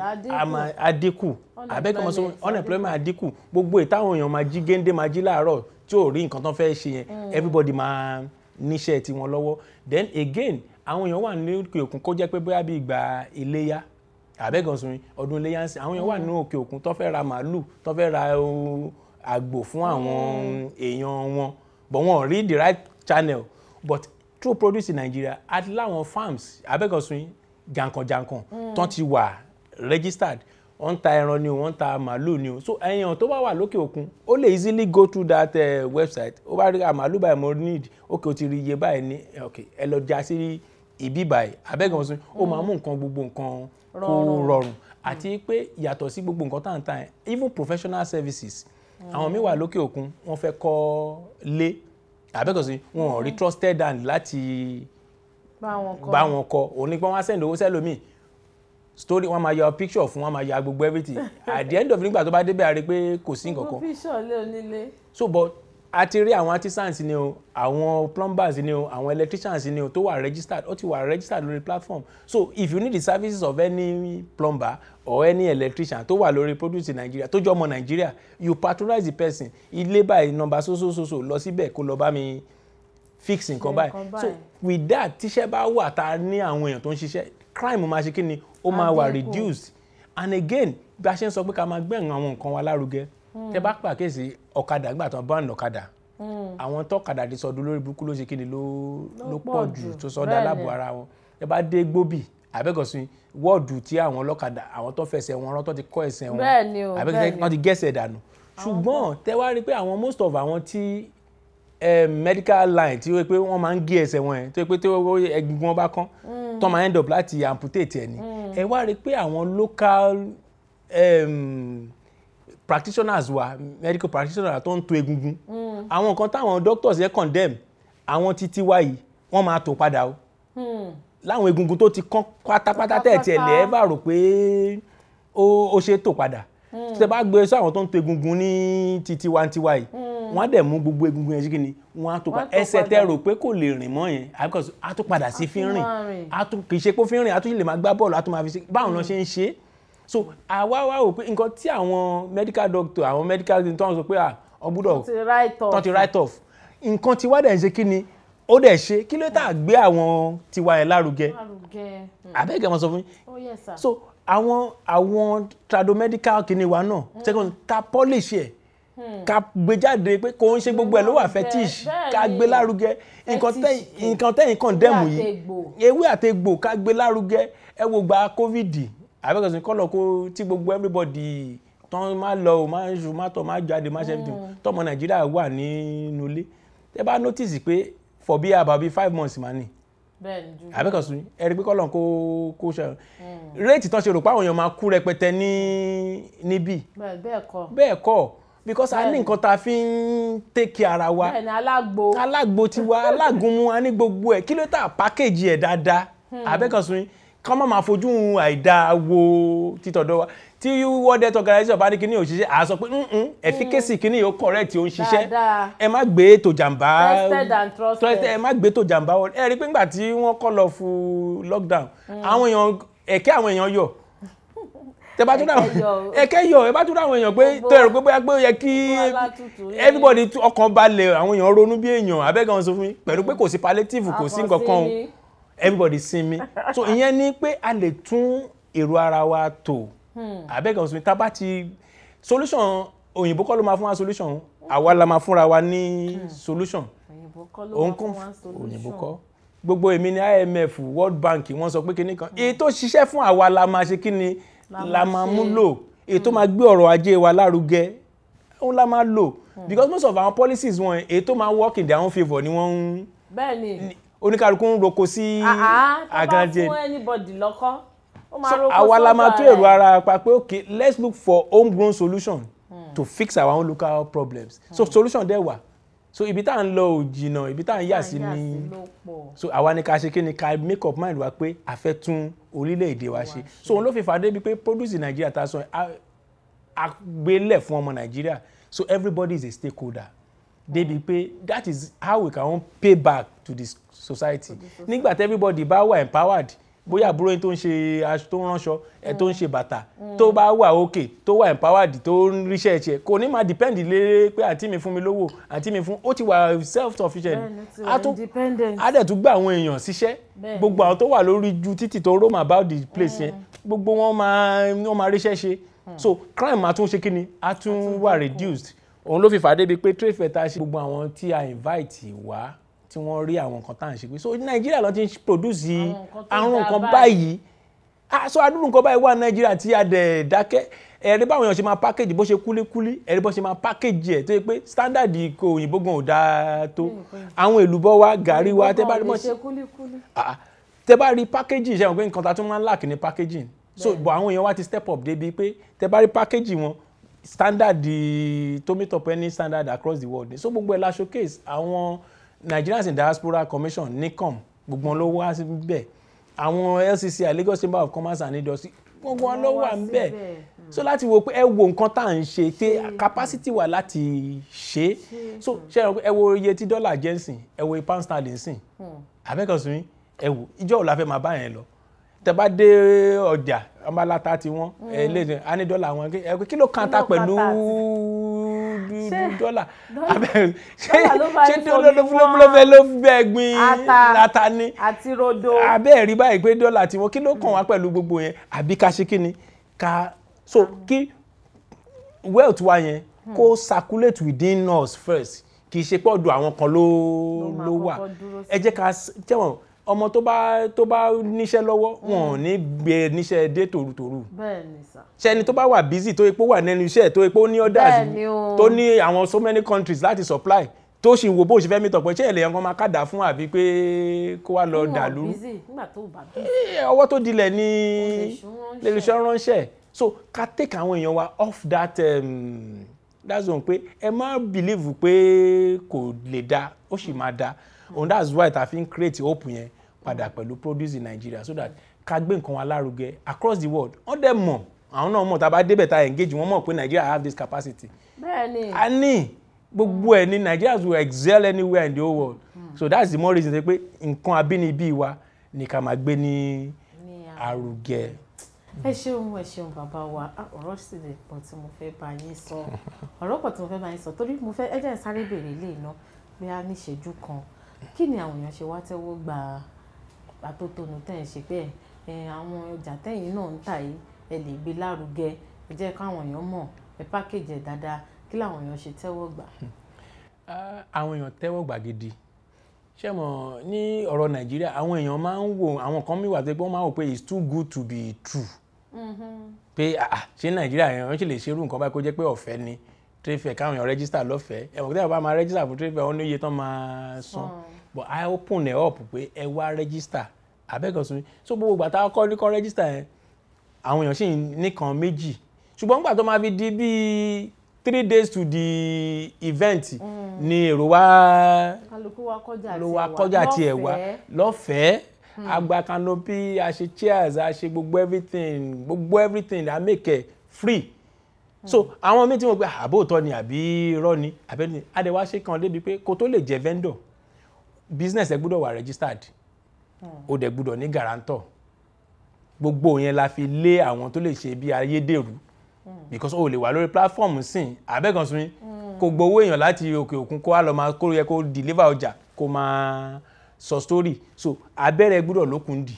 àdínkù abẹ́kọ̀mọ́ sọ unemployment àdínkù gbogbo ìtàwọn èèyàn máa jí géńdé máa jí láàárọ̀ tí ò rí nǹkan tó fẹ́ ṣe mm. everybody máa níṣẹ́ tiwọn lọ́wọ́ then again àwọn èèyàn wà ní òkè òkun kó jẹ́ pé bóyá bí ìgbà iléyà àbẹ́gànsìn ọdún iléyà ń sìn àwọn èèyàn wà ní òkè òkun tó fẹ́ ra màálù tó fẹ́ ra àgbò fún àwọn èèyàn wọn but wọn ò rí the right channel but true produce in Nigeria àti láwọn farms àbẹ́gànsìn jankan jankan hmm. tán ti wà registered wọ́n ń ta ẹran ni o wọ́n ta màálù ni o so èèyàn tó bá wà lókè òkun ó lè easily go through that uh, website ó bá rí ah, màálù báyìí mo need okay o ti rí iye báyìí ní eh, okay ẹ lọ já sí ìbí báyìí abẹ́gàn sí ó máa mú mm. nǹkan gbogbo nǹkan kó rọrùn àti mm. pé yàtọ̀ sí gbogbo nǹkan tá à even professional services mm. àwọn míì wà lókè òkun wọ́n fẹ́ kọ́ lé abẹ́gàn sí wọn ò rí trusted and láti bá wọn kọ́ òun ni pé wọ́n á send owó sẹ́lòmíì story wọn máa ya picture fún wọn máa ya gbogbo everything [LAUGHS] at the end of nígbà tó bá débẹ̀ àrí pé kò sí nǹkan kan. gbogbo picture lé onílé. so but a ti rí àwọn artisans ni o àwọn plumbers ni o àwọn electricians ni o tó wà registered ó ti wà registered lórí platform so if you need the services of any plumber or any electrician tó wà lórí produce in Nigeria tó jọ ọmọ Nigeria you patronize the person ilé báyìí nọ́mbà so lọ síbẹ̀ kó lọ bá mi fix nǹkan báyìí so with that tíṣẹ́ bá wà tá a ní àwọn èèyàn tó ń ṣiṣẹ́ crime máa ṣe kí ni ó máa wà reduced and again bí a ṣe ń sọ pé ká máa gbé àwọn nǹkan wa lárugẹ hmm. tẹ bá pàkíyèsí ọ̀kadà gbà tán bá ń ọ̀kadà hmm. àwọn tọ́kadà ti sọdún lórí burúkú ló ṣe kí ni ló pọ̀ jù tó sọdá láàbò ara wọn tẹ bá dé gbóbì àbẹ́kọ̀sí wọ́ọ̀dù tí àwọn ọlọ́kadà àwọn tó fẹsẹ̀ wọn rán tó ti kọ́ ẹsẹ̀ wọn àbẹ́kọ̀sí wọn ti gẹ̀ẹ́sẹ̀ dànù ṣùgbọ́n tẹ wá rí pé àwọn most of àwọn tí eh, medical line tí wọ́n máa ń gé ẹsẹ̀ wọn ẹ̀ tó yẹ pé egungun wọn bá kán hmm tó máa end up láti amputate ẹni mm. ẹ wá rí i pé àwọn local um, practitioners wa medical practitioners tó ń tò egungun mm. àwọn nǹkan táwọn doctors yẹn condemn àwọn títí wáyìí wọ́n máa tò padà o mm. láwọn egungun tó ti kán pátápátá tẹ̀tí ẹ̀ lẹ́ẹ̀ bá rò pé ó ṣe tò padà tẹ bá gbé e sọ àwọn tó ń tò egungun ní títí wa ń tiwa wọ́n á dẹ̀ mú gbogbo egungun yẹn sí kíni wọ́n á tó pa ẹsẹ̀ tẹ rò pé kò lè rìn mọ́ yẹn because á tó padà sí fi rìn á tó kì í ṣe pé fi rìn á tó lè máa gbá bọ́ọ̀lù á tó máa fi ṣe báwọn náà ṣe ń ṣe so àwa wá rò pé nǹkan tí àwọn medical doctor àwọn medical doctor tó ń sọ pé à ọgbúdọ̀ tó ti write off nǹkan tiwa dẹ̀ ń ṣe kíni ó dẹ̀ ṣe kí ló tà gbé àwọn tiwa yẹn lárugẹ hmm. àbẹ́gẹ́ wọn sọ fún yín oh, so àwọn àwọn tradomedical kìnìún wa náà hmm. ta polish yẹn Hmm. ká gbé jáde pé kò ń ṣe gbogbo ẹ̀ ló wà fetish ká gbé lárugẹ nǹkan tẹ́yìn kan dẹ̀mù yìí ewé àtegbò ká gbé lárugẹ ẹ wo gba covid àbẹ̀kọ̀sìn kọ́lọ̀ kó tí gbogbo everybody tán má lọ ò má ṣù má tọ̀ má jáde má ṣe hmm. tọmọ nàìjíríà wà nínú ilé ẹ bá notice pé for bí about bí five months mà ní àbẹ̀kọ̀sìn ẹ rí pé kọ́lọ̀ kó kó ṣe hmm. rate tán ṣe rò pé àwọn èèyàn máa kú rẹpẹtẹ ní níbí bẹ́ẹ̀ kọ́ because a ní nǹkan tá a fi ń tẹ́kì ara wa alágbo alágbo tiwa [LAUGHS] alágúnmu a ní gbogbo ẹ̀ kí ló tà package ẹ̀ dáadáa hmm. abẹ́kànsun yín kán má máa fojú àìdáa wo títọ̀dọ̀ wa tí World Health Organization bá ní kíní ò ṣiṣẹ́ àá sọ pé efficacy hmm. kíní yóò correct ó ń ṣiṣẹ́ ẹ má gbé ètò jàǹbá trusted ẹ má gbé ètò jàǹbá ẹ rí i pé nígbà tí wọ́n kọ́ lọ fún lockdown hmm. àwọn èèyàn ẹ̀kẹ́ àwọn èèyàn yọ̀ tẹ bá tún dà ẹ kẹyọ ẹ bá tún dà àwọn èèyàn pé tẹ rò pé bóyá pé ó yẹ kí everybody ọkàn balẹ̀ àwọn èèyàn ronú bí èèyàn abẹ́gàn sọ fún mi pẹ̀lú pé kò sí palliative kò sí nǹkan kan everybody sinmi so ìyẹn ni pé a lè tún èrò ara wa tò hmm. abẹ́gàn sọ fún mi tá ti solution òyìnbó kọ́ ló máa fún wa solution àwa la máa fúnra wa ní hmm. solution òun kún òyìnbó kọ́ gbogbo èmi ni IMF World Bank wọ́n sọ pé kíní kan èyí tó ṣiṣẹ́ fún àwa la máa ṣe kíni la máa mú lò èyí tó máa hmm. gbé ọrọ̀ ajé wa lárugẹ òun la máa lò hmm. because most of our policies wọn èyí tó máa work in their own favour ni wọ́n ń. bẹ́ẹ̀ni ń roko sí àgànjẹ. tó anybody lọ́kọ́ ó àwa la máa tó èrò ara pa pé okay let's look for homegrown solution hmm. to fix our own local problems so solution dẹ̀ wà so ibi tá à ń lọ ò jìnnà ibi tá à ń yà sí ni so àwa ni ká ṣe kí ni ká make up mind wa pé a fẹ́ tún orílẹ̀-èdè wa ṣe so òun ló fi fàdé bíi pé produce Nigeria ta sọ àgbélẹ̀ fún ọmọ Nigeria so everybody is a stakeholder débi pé that is how we can pay back to the society nígbà tí everybody bá wà empowered bóyá àbúrò yín tó ń ṣe aṣọ tó ń ránṣọ ẹ tó ń mm. ṣe bàtà mm. tó bá wà òkè tó wà empowered tó ń ríṣẹ́ ẹ̀ tiẹ̀ kò ní máa depend lé pé àǹtí mi fún mi lówó àǹtí mi fún ó ti wà self sufficient á dẹ̀ tún gba àwọn èèyàn síṣẹ́ gbogbo àwọn tó wà lórí ju títì tó roam about the place yẹn mm. gbogbo wọn máa wọn máa ríṣẹ́ ṣe so crime máa tún ṣe kí ni á tún wà reduced òun ló fi fàdé bíi pé trade fair ta ṣe gbogbo àwọn tí a invite wá tí wọ́n rí àwọn nǹkan tá à ń ṣe pé so nàìjíríà ló ti ń produce àrùn nǹkan báyìí so àdúrà nǹkan báyìí wà nàìjíríà tí a dẹ̀ dákẹ́ ẹ̀rí báwọn èèyàn ṣe máa package bó ṣe kúlíkúlí ẹ̀rí bó ṣe máa package ẹ̀ tó yẹ pé standard ikọ̀ òyìnbó gan ò dáa tó àwọn èlùbọ́ wa gàrí wa tẹ́ bá rí mọ́ sí tẹ́ bá rí packaging ṣe àwọn pé nǹkan ta tún máa ń lack ní packaging so bọ̀ àwọn èèyàn wa ti step up débi pé tẹ́ bá rí packaging wọn standard to meet up standard across the world so gbogbo ẹ̀ la showcase àwọn. Nigerians in Diaspora Commission NICOM gbogbo wọn ló wá síbẹ̀ àwọn LCC Lagos Chamber of Commerce and Industry gbogbo wọn ló wà níbẹ̀ so láti wo pé ẹ wo nǹkan tá à ń ṣe tí capacity wà láti ṣe so ṣe ẹ wo iye tí dọ́là jẹ́ ń sìn ẹ wo pound sterling sìn abẹ́kọ̀sùn hmm. yín ẹ wò ìjọ́ òun la fẹ́ máa bá yẹn lọ tẹ́ bá dé ọjà ọmọ aláta tiwọn hmm. ẹ lè ní dọ́là wọn kí ló kàn ta pẹ̀lú bí ibi dọ́là ṣé ṣé dọ́là ló fúlọ́fúlọ́ fẹ́ ló bẹ́ẹ̀ gbin ata ni àti rodo abẹ́ẹ̀ rí báyìí pé dọ́là tiwọn kí ló kàn wá mm. pẹ̀lú gbogbo yẹn àbí ká ṣe kí ni ká so ah. kí wealth wa yẹn hmm. kó circulate within us first kì í ṣe pé ọ̀dọ̀ àwọn kan ló ló wà ẹ jẹ́ ká tẹ́wọ̀n ọmọ tó bá tó bá níṣẹ́ lọ́wọ́ wọn ò mm. ní gbé níṣẹ́ dé tòrutòru ṣẹni tó bá wà busy tó epo wà nínú iṣẹ́ tó epo ní orders tó ní àwọn so many countries láti supply tó sì wo bó ṣe fẹ́ mi tọ̀ pé ṣé ẹ̀lẹ́yìn kan máa kàdà fún àbí pé kó wá lọ dàlú eh, ọwọ́ tó dilẹ̀ ní lẹ́lẹ́sọ̀ ránṣẹ́ so ká take àwọn èèyàn wa off that um, that's one pé ẹ má believe pé kò lè da ó sì máa da mm. and that's why ta fi create hope yẹn padà pẹ̀lú produce in Nigeria so that ká gbé nǹkan wa lárugẹ across the world wọ́n dẹ̀ mọ̀ àwọn náà mọ̀ tá a bá débẹ̀ tá a engage wọ́n mọ̀ pé Nigeria have this capacity. bẹ́ẹ̀ni a ní gbogbo ẹ̀ ní Nigeria will excel anywhere in the whole world mm. so that's the more reason pé nǹkan abínibí wa ni ká máa gbé ní arugẹ. ẹ ṣeun ẹ ṣeun bàbá wa ọ̀rọ̀ sì lè pọ̀ tí mo fẹ́ bá yín sọ [LAUGHS] ọ̀rọ̀ pọ̀ tí mo fẹ́ bá yín sọ torí mo fẹ́ ẹ jẹ́ n sáré béèrè ilé iná e bí a ní ìṣẹ́jú kan kí ni àwọn èèyàn ṣe wá tẹ́wọ́ gbà àtótónu tẹ̀ ń ṣe pé ẹ̀ àwọn ọjà tẹ̀yìn náà ń tà yìí ẹ lè gbé lárugẹ ẹ jẹ́ káwọn èèyàn mọ̀ ẹ pákéjì ẹ̀ dáadáa kí làwọn èèyàn ṣe tẹ́wọ́ gbà. àwọn èèyàn tẹ́wọ́ gbà gidi ṣé mo ní ọ̀rọ̀ nàìjíríà àwọn èèyàn máa ń wò àwọn kan mi wà tó pé máa wò pé it's too good to be true mm-hmm. pé ṣé nàìjíríà yẹn wọ́n sì lè ṣerú nǹkan báyìí kó jẹ́ pé ọ̀fẹ́ ni tréfẹ̀ káwọn èèyàn rẹ́gísítà lọ́fẹ̀ẹ́ ẹ̀wọ̀n tí wọ́n bá máa rẹ́gísítà fún tréfẹ̀ wọn ní iye tán máa san hmm. but i open it up pé ẹ wá rẹ́gísítà abẹ́gànsùn so gbogbo ìgbà tá a kọ́ ní kan rẹ́gísítà yẹn àwọn èèyàn sì nìkan méjì ṣùgbọ́n nígbà tó máa fi di bíi three days to the event mm. ni èrò wa ló wa kọjá tiẹ̀ wá lọ́fẹ̀ẹ́ hmm. agba canopy a ṣe chairs a ṣe gbogbo everything gbogbo everything a make it free hmm. so àwọn míì tí mo pe àbóòtọ́ ni àbí irọ́ ni àbẹ́ni adẹ̀wá ṣe kan débi pé kó tó lè jẹ́ vendor business ẹ gbọ́dọ̀ wà registered ó dẹ̀ gbúdọ̀ ní guarantor gbogbo yẹn la fi lé àwọn tó lè ṣe bí ayédèrú because o lè wà lórí platform sìn abẹ́gànsùn yín kò gbowó èèyàn láti òkè òkun kó a lọ máa kó yẹ kó deliver ọjà kó máa sọ story so abẹ́rẹ́ gbúdọ̀ lókun dì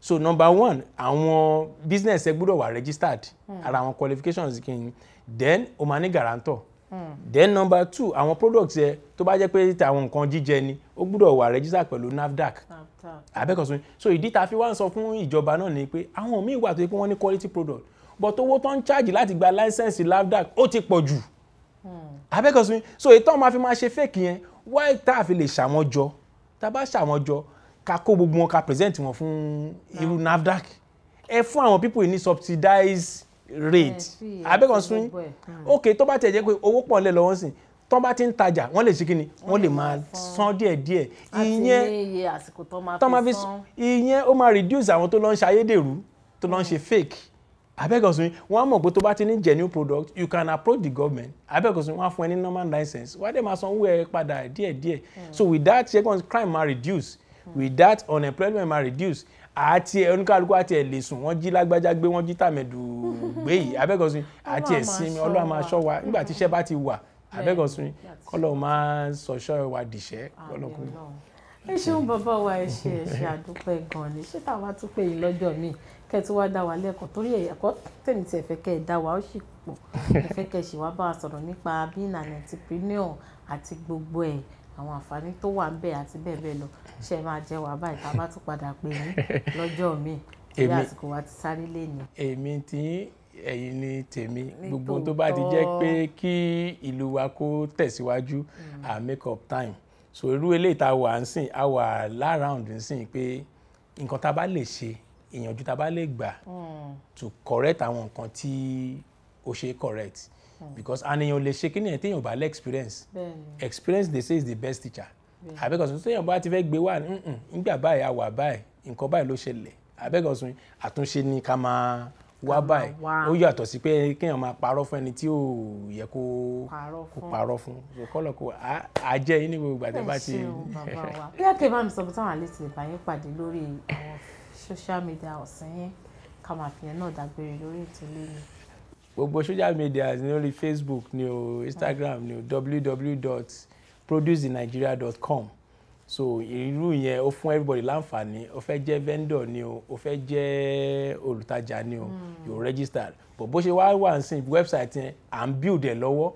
so number one àwọn business ẹ gbúdọ̀ wà registered ara àwọn qualifications kìíní then o máa ní guarantor then number two àwọn products ẹ tó bá jẹ́ pé àwọn nǹkan jíjẹ ni ó gbúdọ̀ wà registered pẹ̀lú NAFDAC. Ah abẹ́kọ̀sùn so ìdí tá a fi wá ń sọ fún ìjọba náà ni pé àwọn míì wà tó yẹ pé wọ́n ní quality product but owó tó ń charge láti gba license lavdac ó ti pọ̀ jù hmm. abẹ́kọ̀sùn so ìtọ́ máa fi máa ṣe fake yẹn why tá a fi lè ṣàmọ́jọ tá a bá ṣàmọ́jọ ká kó gbogbo wọn ká present wọn fún hmm. irú nafdac ẹ fún àwọn people yìí ní subsidized rate abẹ́kọ̀sùn hmm. ok tó bá tẹ̀ jẹ́ pé owó pọ̀ nílẹ̀ lọ́wọ́ sìn tọ́ bá ti ń tajà wọ́n lè ṣe kí ni wọ́n lè máa san díẹ̀ díẹ̀ ìyẹn tọ́ máa fi san ìyẹn ó máa reduce àwọn tó lọ ń ṣe ayédèrú tó lọ ń ṣe mm. fake abẹ́gọ̀sùn wọ́n mọ̀ pé tó bá ti ní genuine product you can approach the government abẹ́gọ̀sùn wọ́n á fún ẹ ní normal license wọ́n á dẹ̀ máa san owó ẹ padà díẹ̀ díẹ̀ mm. so with that second crime ma reduce mm. with that unemployment ma reduce àti oníkàlùkù àti ẹ̀lẹ́ sùn wọ́n jí lágbájá gbé wọ́n jí tàmẹ̀dù gbé yìí abẹ́gọ̀sùn àti ẹ̀sìn ọlọ́run máa ṣọ́ wa nígbà tíṣẹ́ bá ti wà abẹ́gọ̀sùn kọ́lọ̀ máa ń sọ̀ṣọ́ ìwà dìṣẹ́ kọ́lọ̀ ẹ ṣeun bàbá wa ẹ ṣe ẹ ṣe àdúpẹ́ gan-an ni ṣé táwa tún pè yín lọ́jọ́ míì kẹ́ ẹ tún wáá dá wa lẹ́kọ̀ọ́ torí ẹ̀kọ́ tèmi tiẹ̀ fẹ́ kẹ́ ẹ dá wa ó sì pọ̀ ẹ fẹ́ kẹ́ ẹ ṣì wá bá wa sọ̀rọ̀ nípa being an entrepreneur àti gbogbo ẹ̀ àwọn àǹfààní tó wà ń bẹ̀ àti bẹ́ẹ̀ bẹ́ẹ̀ lọ ṣe máa jẹ́ wà báyìí tá tún padà pè yín lọ́jọ́ míì bí àsìkò wa ti sáré lé ni. èmi tí ẹ̀yin ni tèmi gbogbo tó bá ti jẹ́ pé kí ìlú wa kó tẹ̀síwájú à hmm. make up time so irú eléyìí tá a wà ń sìn a wà láràùndì ń sìn pé nǹkan tá a bá lè ṣe ìyànjú tá a bá lè gbà hmm. to correct àwọn nǹkan tí ó ṣe correct hmm. because àníyàn lè ṣe kí ni ẹ̀ téèyàn bá lè experience experience they say is the best teacher àbẹ́kọ̀sùn téèyàn bá ti fẹ́ gbé wà nígbà báyìí a wà báyìí nǹkan báyìí ló ṣẹlẹ̀ àbẹ́kọ̀sùn àtúnṣe ni ká máa wá báyìí ó yàtọ̀ sí pé kéèyàn máa parọ́ fún ẹni tí ò yẹ kó parọ́ fún kọ́lọ̀ kó àjẹ́ yín ní gbogbo àti bá ti. bí àkè [LAUGHS] bá mi sọ fún táwọn àlejò ìbáyé pàdé lórí àwọn social media ọ̀sìn yẹn ká máa fi yẹn náà dágbére lórí ètò lónìí gbogbo social media ni lórí facebook ni o instagram ni o www.producenigeria.com so irú yẹn ó fún everybody láǹfààní ó fẹ́ jẹ́ vendor ni o ó fẹ́ jẹ́ olùtajà ni o hmm. you register but bó ṣe wá wà sí website yẹn à ń build ẹ̀ lọ́wọ́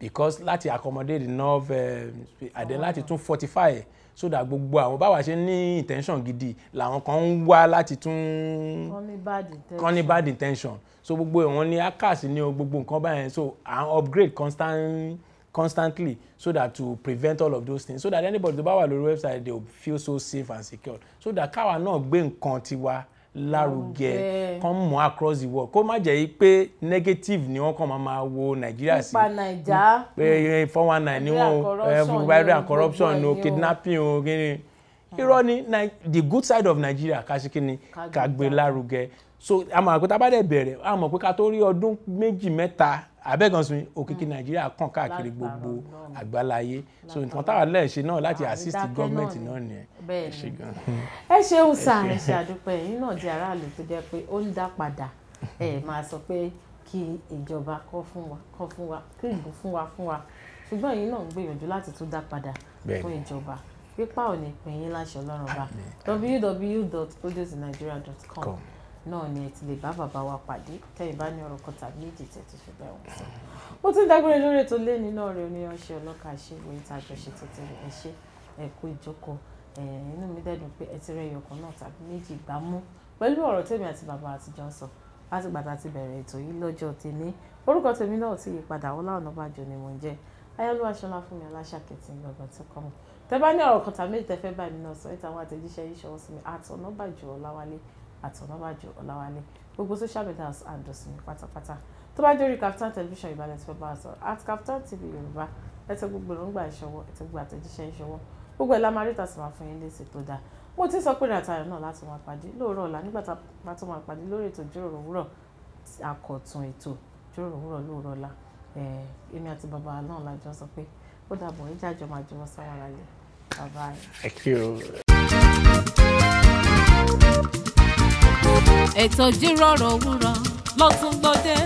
because láti accommodate enough uh, and then láti tún fortify ẹ̀ so that gbogbo àwọn báwa ṣe ní intention gidi làwọn kan ń wá láti tún kan ní bad intention so gbogbo ìwọ̀n ni akásí ni o gbogbo nǹkan báyẹn so à ń upgrade constant constantly so that to prevent all of those things so that anybody to bá wà lórí website they will feel so safe and secure so that káwa náà gbé nǹkan tiwa lárugẹ Come mọ across the world kó má jẹ́ pé negative ni wọ́n kàn máa máa wo nàìjíríà sí nípa nàìjà pé eh, eh, four one nine ni wọ́n eh, viral corruption ni o kidnapping o kini irọ́ ni the good side of Nigeria kasi kini ká gbé lárugẹ so àmọ́ àpótá bá dẹ̀ bẹ̀rẹ̀ àmọ́ pé ká tó rí ọdún méjì mẹ́ta abẹ́gànsùn òkìkí nàìjíríà kàn káàkiri gbogbo àgbáláyé so nǹkan táwa lẹ́ẹ̀ ṣe náà láti assist gọ́ọ̀mẹ̀ntì náà nìyẹn ẹ ṣe gan. [LAUGHS] ẹ ṣeun sáà ẹ ṣe àdúpẹ́ yìí náà di aráàlú tó jẹ́ pé ó ń dá padà ẹ máa sọ pé kí ìjọba kọ́ fún wa kọ́ fún wa kí ìlú fún wa fún wa ṣùgbọ́n yìí náà ń gbìyànjú láti tún dá padà fún ìjọba pípa ò ní pín yín láṣẹ ọlọ́run bá www.producenigeria.com náà ni ẹ ti lè bá bàbá wa pàdé tẹ́yìn bá ní ọ̀rọ̀ kan tàbí méjì tẹ̀tù fi bẹ́ẹ̀ wọ́n sọ. mo tún dágbére lórí ètò léèní náà rẹ ní ọṣẹ ọlọ́ka ṣe wo ìta àjọṣe tuntun ẹ ṣe ẹ kú ìjókòó inú mi dẹ́dùn pé ẹ ti rẹ ìyọkàn náà tàbí méjì gbá mú pẹ̀lú ọ̀rọ̀ tèmi àti bàbá àtijọ́ sọ láti gbàtà ti bẹ̀rẹ̀ ètò yìí lọ́jọ́ tèmi orúkọ tèmi náà ti yípadà Ọlá Ọ̀nàbàjọ ni mo ń jẹ́ ayélujára aṣọlá fún mi aláṣàkẹ́tì gbọ̀ngàn tó kọ́ mi tẹ bá ní ọ̀rọ̀ kan tàbí méjì tẹ fẹ́ bá mi náà sọ ìtàwọn àtẹ̀jíṣẹ́ yìí ṣọwọ́ sí mi àti Ọ̀nàbàjọ Ọláwálé 0244 àti ọ̀nàbàjọ ọ̀làwálé gbogbo social media àdọ̀sìn mi pátápátá tó bá jórí Kaftan television ìbálẹ̀ tí wọ́n bá sọ at Kaftan TV yorùbá ẹ̀tẹ̀ gbogbo èròǹgbà ìṣọwọ́ ẹ̀tẹ̀ gbogbo àtẹ̀jíṣẹ́ ìṣọwọ́ gbogbo ẹ̀ lámarí tàṣí máa fún yín léṣe tó dáa mo ti sọ pé ìrìnàtàyọ̀ náà láti máa pàdé lóòrọ̀ ọ̀la nígbà tá a tó máa pàdé lórí ètò ìjíròrò òwúrọ̀ àkọ̀tún ètò ìjíròrò òwúrọ̀ lóòrọ̀ ọ̀la èmi àti bàbá náà lájọ sọ pé ó dàbọ̀ ìjà àjọ máa jọ wọ́n sáwọn ara lẹ̀ bàbá rẹ̀. ètò jíròrò òwúrọ̀ ló tún gbòde.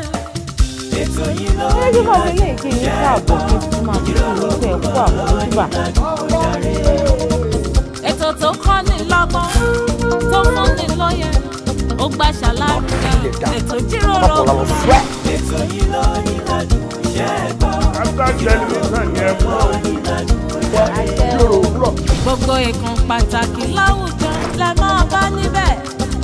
ètò yìí ló ń bá ilé ìgbín yín káàbọ̀ kí n máa fi tó kọ́ ni lọ́gbọ́n tó fún ni lóye ó gbà ṣàlàyé ètò jíròrò òwúrọ̀. ètò yìí ló ń ládùn iṣẹ́ gbogbo ìkan pàtàkì láwùjọ la máa bá níbẹ̀